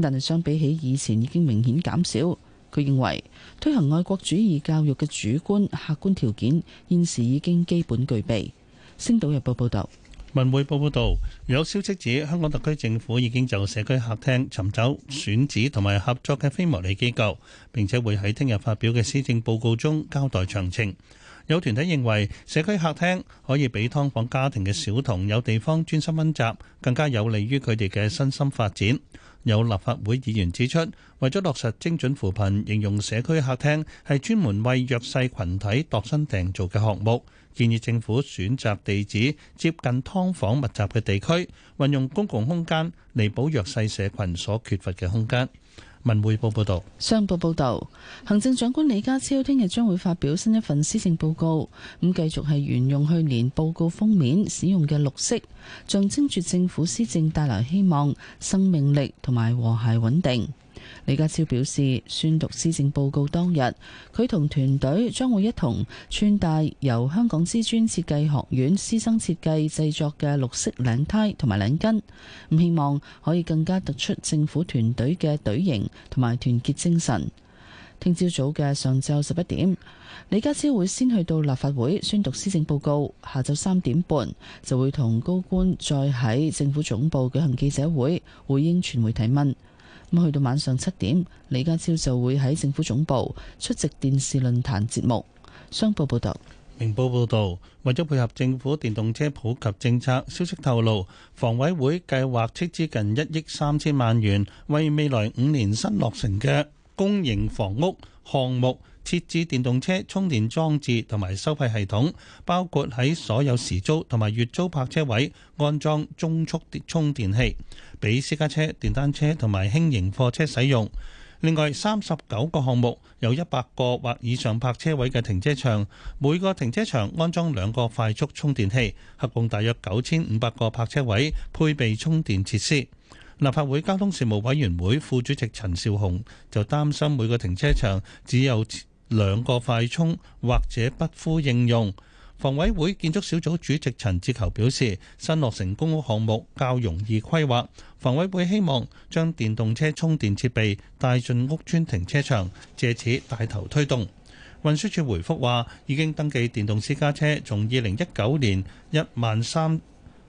但係相比起以前已經明顯減少。佢認為推行愛國主義教育嘅主觀客觀條件現時已經基本具備。星島日報報道、
文匯報報導有消息指，香港特區政府已經就社區客廳尋找選址同埋合作嘅非牟利機構，並且會喺聽日發表嘅施政報告中交代詳情。有團體認為社區客廳可以俾文匯報報道，
商報報道，行政長官李家超聽日將會發表新一份施政報告，咁繼續係沿用去年報告封面使用嘅綠色，象徵住政府施政帶來希望、生命力同埋和諧穩定。李家超表示，宣讀施政報告當日，佢同團隊將會一同穿戴由香港知專設計學院師生設計製作嘅綠色領呔同埋領巾，咁希望可以更加突出政府團隊嘅隊形同埋團結精神。聽朝早嘅上晝十一點，李家超會先去到立法會宣讀施政報告，下晝三點半就會同高官再喺政府總部舉行記者會回應傳媒提問。咁去到晚上七點，李家超就會喺政府總部出席電視論壇節目。
商報報道，明報報道，為咗配合政府電動車普及政策，消息透露，房委會計劃斥資近一億三千萬元，為未來五年新落成嘅公營房屋項目。設置電動車充電裝置同埋收費系統，包括喺所有時租同埋月租泊車位安裝中速充電器，俾私家車、電單車同埋輕型貨車使用。另外，三十九個項目有一百個或以上泊車位嘅停車場，每個停車場安裝兩個快速充電器，合共大約九千五百個泊車位配備充電設施。立法會交通事務委員會副主席陳紹雄就擔心每個停車場只有兩個快充或者不敷應用。房委會建築小組主席陳志球表示，新落成公屋項目較容易規劃，房委會希望將電動車充電設備帶進屋邨停車場，借此帶頭推動。運輸署回覆話，已經登記電動私家車從二零一九年一萬三。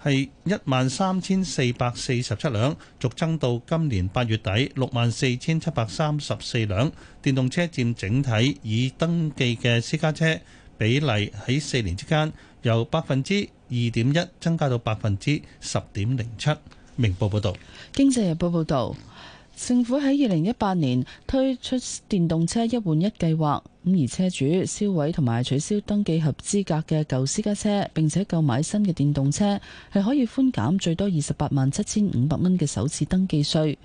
係一萬三千四百四十七輛，續增到今年八月底六萬四千七百三十四輛。電動車佔整體已登記嘅私家車比例喺四年之間由百分之二點一增加到百分之十點零七。明報報道。
經濟日報報道。政府喺二零一八年推出電動車一換一計劃，咁而車主銷毀同埋取消登記合資格嘅舊私家車，並且購買新嘅電動車，係可以寬減最多二十八萬七千五百蚊嘅首次登記稅。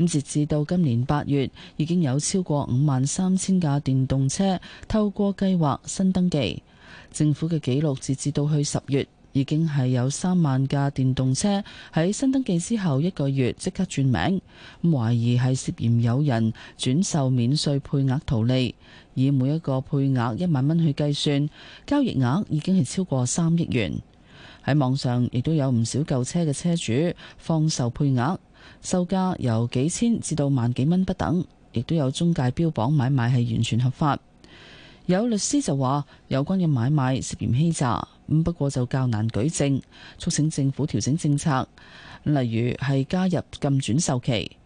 咁截至到今年八月，已經有超過五萬三千架電動車透過計劃新登記。政府嘅紀錄截至到去十月。已經係有三萬架電動車喺新登記之後一個月即刻轉名，咁懷疑係涉嫌有人轉售免稅配額圖利，以每一個配額一萬蚊去計算，交易額已經係超過三億元。喺網上亦都有唔少舊車嘅車主放售配額，售價由幾千至到萬幾蚊不等，亦都有中介標榜買賣係完全合法。有律師就話有關嘅買賣涉嫌欺詐，咁不過就較難舉證，促請政府調整政策，例如係加入禁轉售期。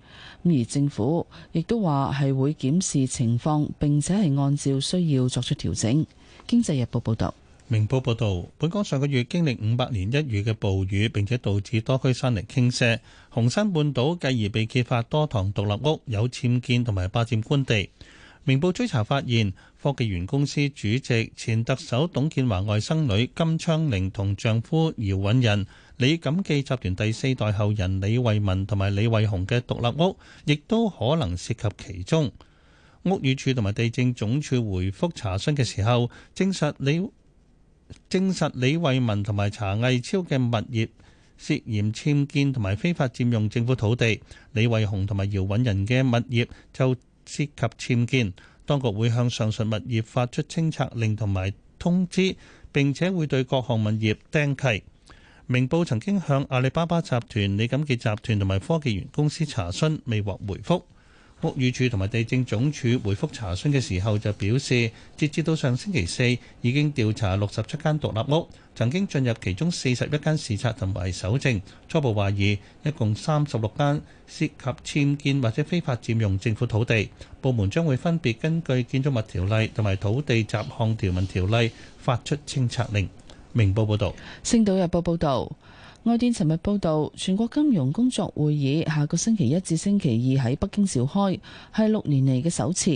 而政府亦都話係會檢視情況，並且係按照需要作出調整。經濟日報報道：
「明報報道，本港上個月經歷五百年一遇嘅暴雨，並且導致多區山泥傾瀉，紅山半島繼而被揭發多幢獨立屋有僭建同埋霸佔官地。明報追查發現，科技園公司主席、前特首董建華外甥女金昌玲同丈夫姚允仁、李錦記集團第四代後人李惠民同埋李惠雄嘅獨立屋，亦都可能涉及其中。屋宇署同埋地政總署回覆查詢嘅時候，證實李證實李惠民同埋查毅超嘅物業涉嫌僭建同埋非法佔用政府土地，李惠雄同埋姚允仁嘅物業就涉及僭建，當局會向上述物業發出清拆令同埋通知，並且會對各項物業釘契。明報曾經向阿里巴巴集團、李錦記集團同埋科技園公司查詢，未獲回覆。屋宇署同埋地政總署回覆查詢嘅時候就表示，截至到上星期四，已經調查六十七間獨立屋，曾經進入其中四十一間視察同埋搜證，初步懷疑一共三十六間涉及僭建或者非法佔用政府土地，部門將會分別根據建築物條例同埋土地雜項條文條例發出清拆令。明報報道，
星島日報報道。外電尋日報導，全國金融工作會議下個星期一至星期二喺北京召開，係六年嚟嘅首次，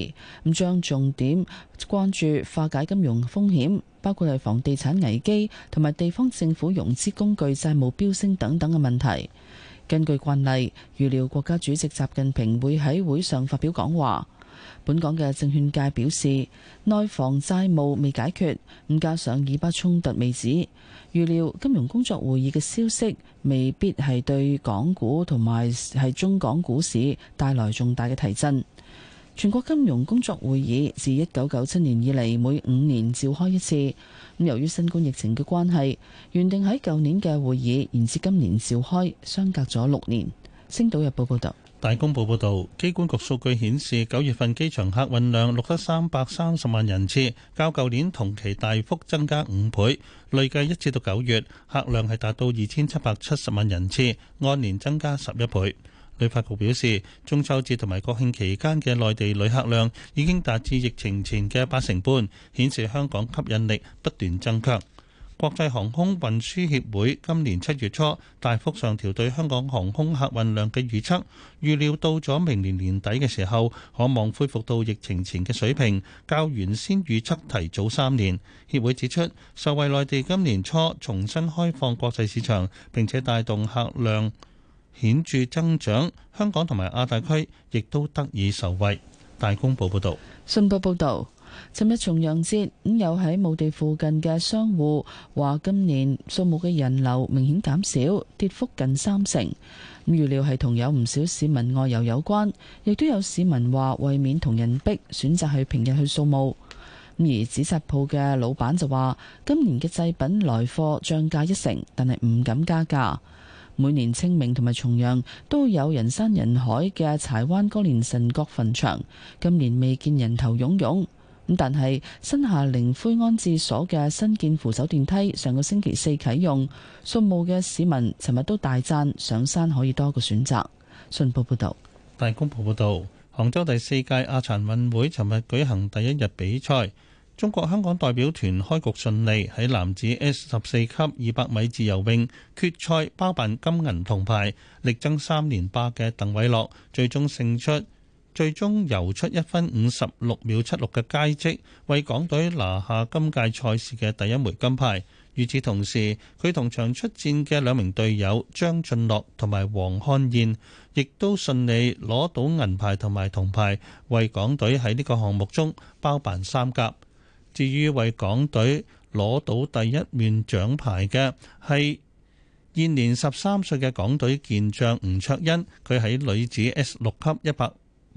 咁將重點關注化解金融風險，包括係房地產危機同埋地方政府融資工具債務飆升等等嘅問題。根據慣例，預料國家主席習近平會喺會上發表講話。本港嘅證券界表示，內房債務未解決，咁加上以巴衝突未止。預料金融工作會議嘅消息未必係對港股同埋係中港股市帶來重大嘅提振。全國金融工作會議自一九九七年以嚟每五年召開一次，咁由於新冠疫情嘅關係，原定喺舊年嘅會議延至今年召開，相隔咗六年。星島日報報道。
大公報報道，機管局數據顯示，九月份機場客運量錄得三百三十萬人次，較舊年同期大幅增加五倍。累計一至到九月，客量係達到二千七百七十萬人次，按年增加十一倍。旅發局表示，中秋節同埋國慶期間嘅內地旅客量已經達至疫情前嘅八成半，顯示香港吸引力不斷增強。國際航空運輸協會今年七月初大幅上調對香港航空客運量嘅預測，預料到咗明年年底嘅時候，可望恢復到疫情前嘅水平，較原先預測提早三年。協會指出，受惠內地今年初重新開放國際市場，並且帶動客量顯著增長，香港同埋亞太區亦都得以受惠。大公報報道。
信報報導。尋日重陽節，咁有喺墓地附近嘅商戶話，今年掃墓嘅人流明顯減少，跌幅近三成。咁預料係同有唔少市民外遊有關，亦都有市民話為免同人逼，選擇去平日去掃墓。而紙紮舖嘅老闆就話，今年嘅製品來貨漲價一成，但係唔敢加價。每年清明同埋重陽都有人山人海嘅柴灣歌連臣角墳場，今年未見人頭湧湧。咁但係新下靈灰安置所嘅新建扶手電梯上個星期四啟用，信務嘅市民尋日都大讚上山可以多個選擇。信報報道：
「大公報報道，杭州第四屆亞殘運會尋日舉行第一日比賽，中國香港代表團開局順利，喺男子 S 十四級二百米自由泳決賽包辦金銀銅牌，力爭三連霸嘅鄧偉樂最終勝出。」最終游出一分五十六秒七六嘅佳績，為港隊拿下今屆賽事嘅第一枚金牌。與此同時，佢同場出戰嘅兩名隊友張俊樂同埋黃漢燕，亦都順利攞到銀牌同埋銅牌，為港隊喺呢個項目中包辦三甲。至於為港隊攞到第一面獎牌嘅係現年十三歲嘅港隊健將吳卓恩，佢喺女子 S 六級一百。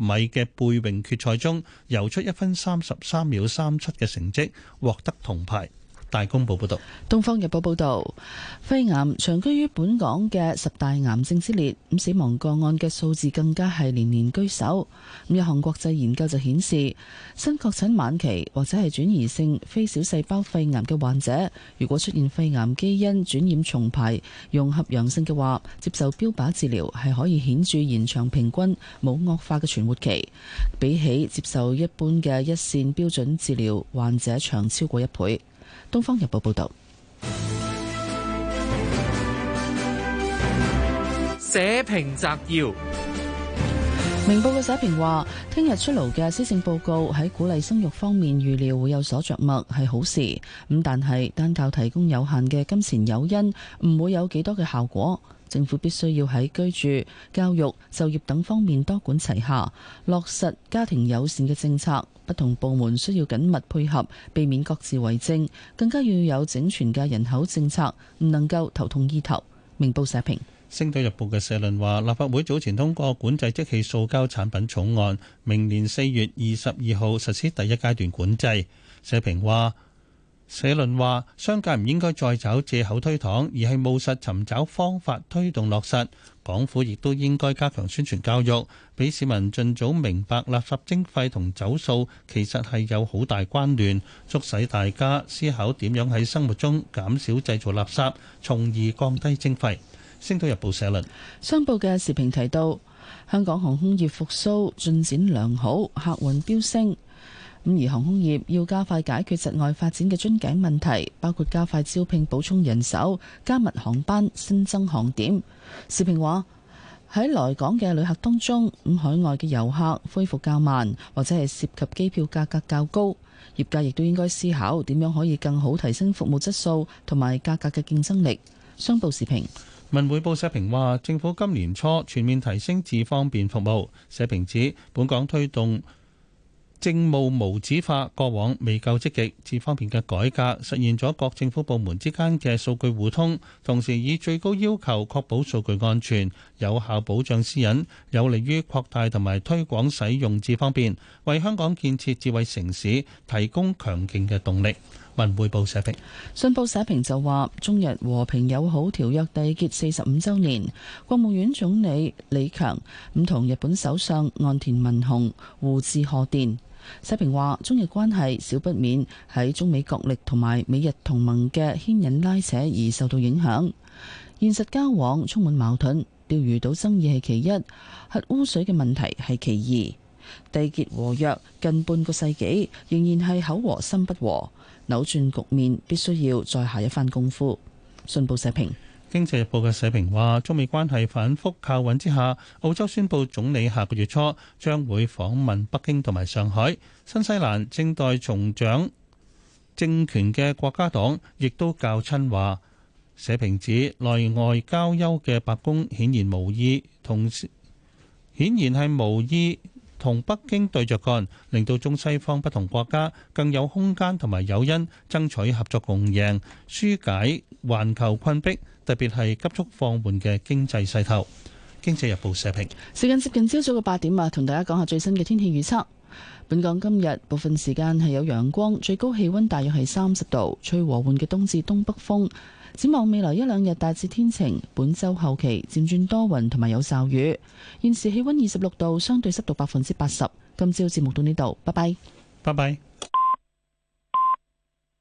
米嘅背泳決賽中，游出一分三十三秒三七嘅成績，獲得銅牌。大公報報道，
東方日報報道，肺癌長居於本港嘅十大癌症之列，咁死亡個案嘅數字更加係年年居首。咁一項國際研究就顯示，新確診晚期或者係轉移性非小細胞肺癌嘅患者，如果出現肺癌基因轉染重排融合陽性嘅話，接受標靶治療係可以顯著延長平均冇惡化嘅存活期，比起接受一般嘅一線標準治療，患者長超過一倍。東方日報報道，社
評摘要：
明報嘅社評話，聽日出爐嘅施政報告喺鼓勵生育方面預料會有所着墨，係好事。咁但係單靠提供有限嘅金錢誘因，唔會有幾多嘅效果。政府必須要喺居住、教育、就業等方面多管齊下，落實家庭友善嘅政策。同部門需要緊密配合，避免各自為政，更加要有整全嘅人口政策，唔能夠頭痛醫頭。明報社評。
星島日報嘅社論話，立法會早前通過管制即棄塑膠產品草案，明年四月二十二號實施第一階段管制。社評話。社論話，商界唔應該再找借口推搪，而係務實尋找方法推動落實。港府亦都應該加強宣傳教育，俾市民盡早明白垃圾徵費同走數其實係有好大關聯，促使大家思考點樣喺生活中減少製造垃圾，從而降低徵費。《星島日報》社論，
商報嘅時評提到，香港航空業復蘇進展良好，客運飆升。咁而航空業要加快解決窒外發展嘅樽頸問題，包括加快招聘補充人手、加密航班、新增航點。時評話喺來港嘅旅客當中，咁海外嘅遊客恢復較慢，或者係涉及機票價格較高。業界亦都應該思考點樣可以更好提升服務質素同埋價格嘅競爭力。商報時評。
文匯報社評話，政府今年初全面提升智方便服務。社評指本港推動。政務無紙化過往未夠積極，此方面嘅改革實現咗各政府部門之間嘅數據互通，同時以最高要求確保數據安全，有效保障私隱，有利於擴大同埋推廣使用，至方便，為香港建設智慧城市提供強勁嘅動力。文匯報社評，
信報社評就話：中日和平友好條約締結四十五周年，國務院總理李強唔同日本首相岸田文雄互致賀電。社評話：中日關係少不免喺中美角力同埋美日同盟嘅牽引拉扯而受到影響，現實交往充滿矛盾。釣魚島爭議係其一，核污水嘅問題係其二。締結和約近半個世紀仍然係口和心不和，扭轉局面必須要再下一番功夫。信報社評。
《經濟日報》嘅社評話：中美關係反覆靠穩之下，澳洲宣布總理下個月初將會訪問北京同埋上海。新西蘭正待重掌政權嘅國家黨亦都較親華。社評指內外交憂嘅白宮顯然無意，同顯然係無意同北京對着幹，令到中西方不同國家更有空間同埋誘因爭取合作共贏，舒解環球困逼。.特別係急速放緩嘅經濟勢頭。經濟日報社評。
時間接近朝早嘅八點啊，同大家講下最新嘅天氣預測。本港今日部分時間係有陽光，最高氣溫大約係三十度，吹和緩嘅東至東北風。展望未來一兩日大致天晴，本周後期漸轉多雲同埋有驟雨。現時氣溫二十六度，相對濕度百分之八十。今朝節目到呢度，拜拜，拜拜。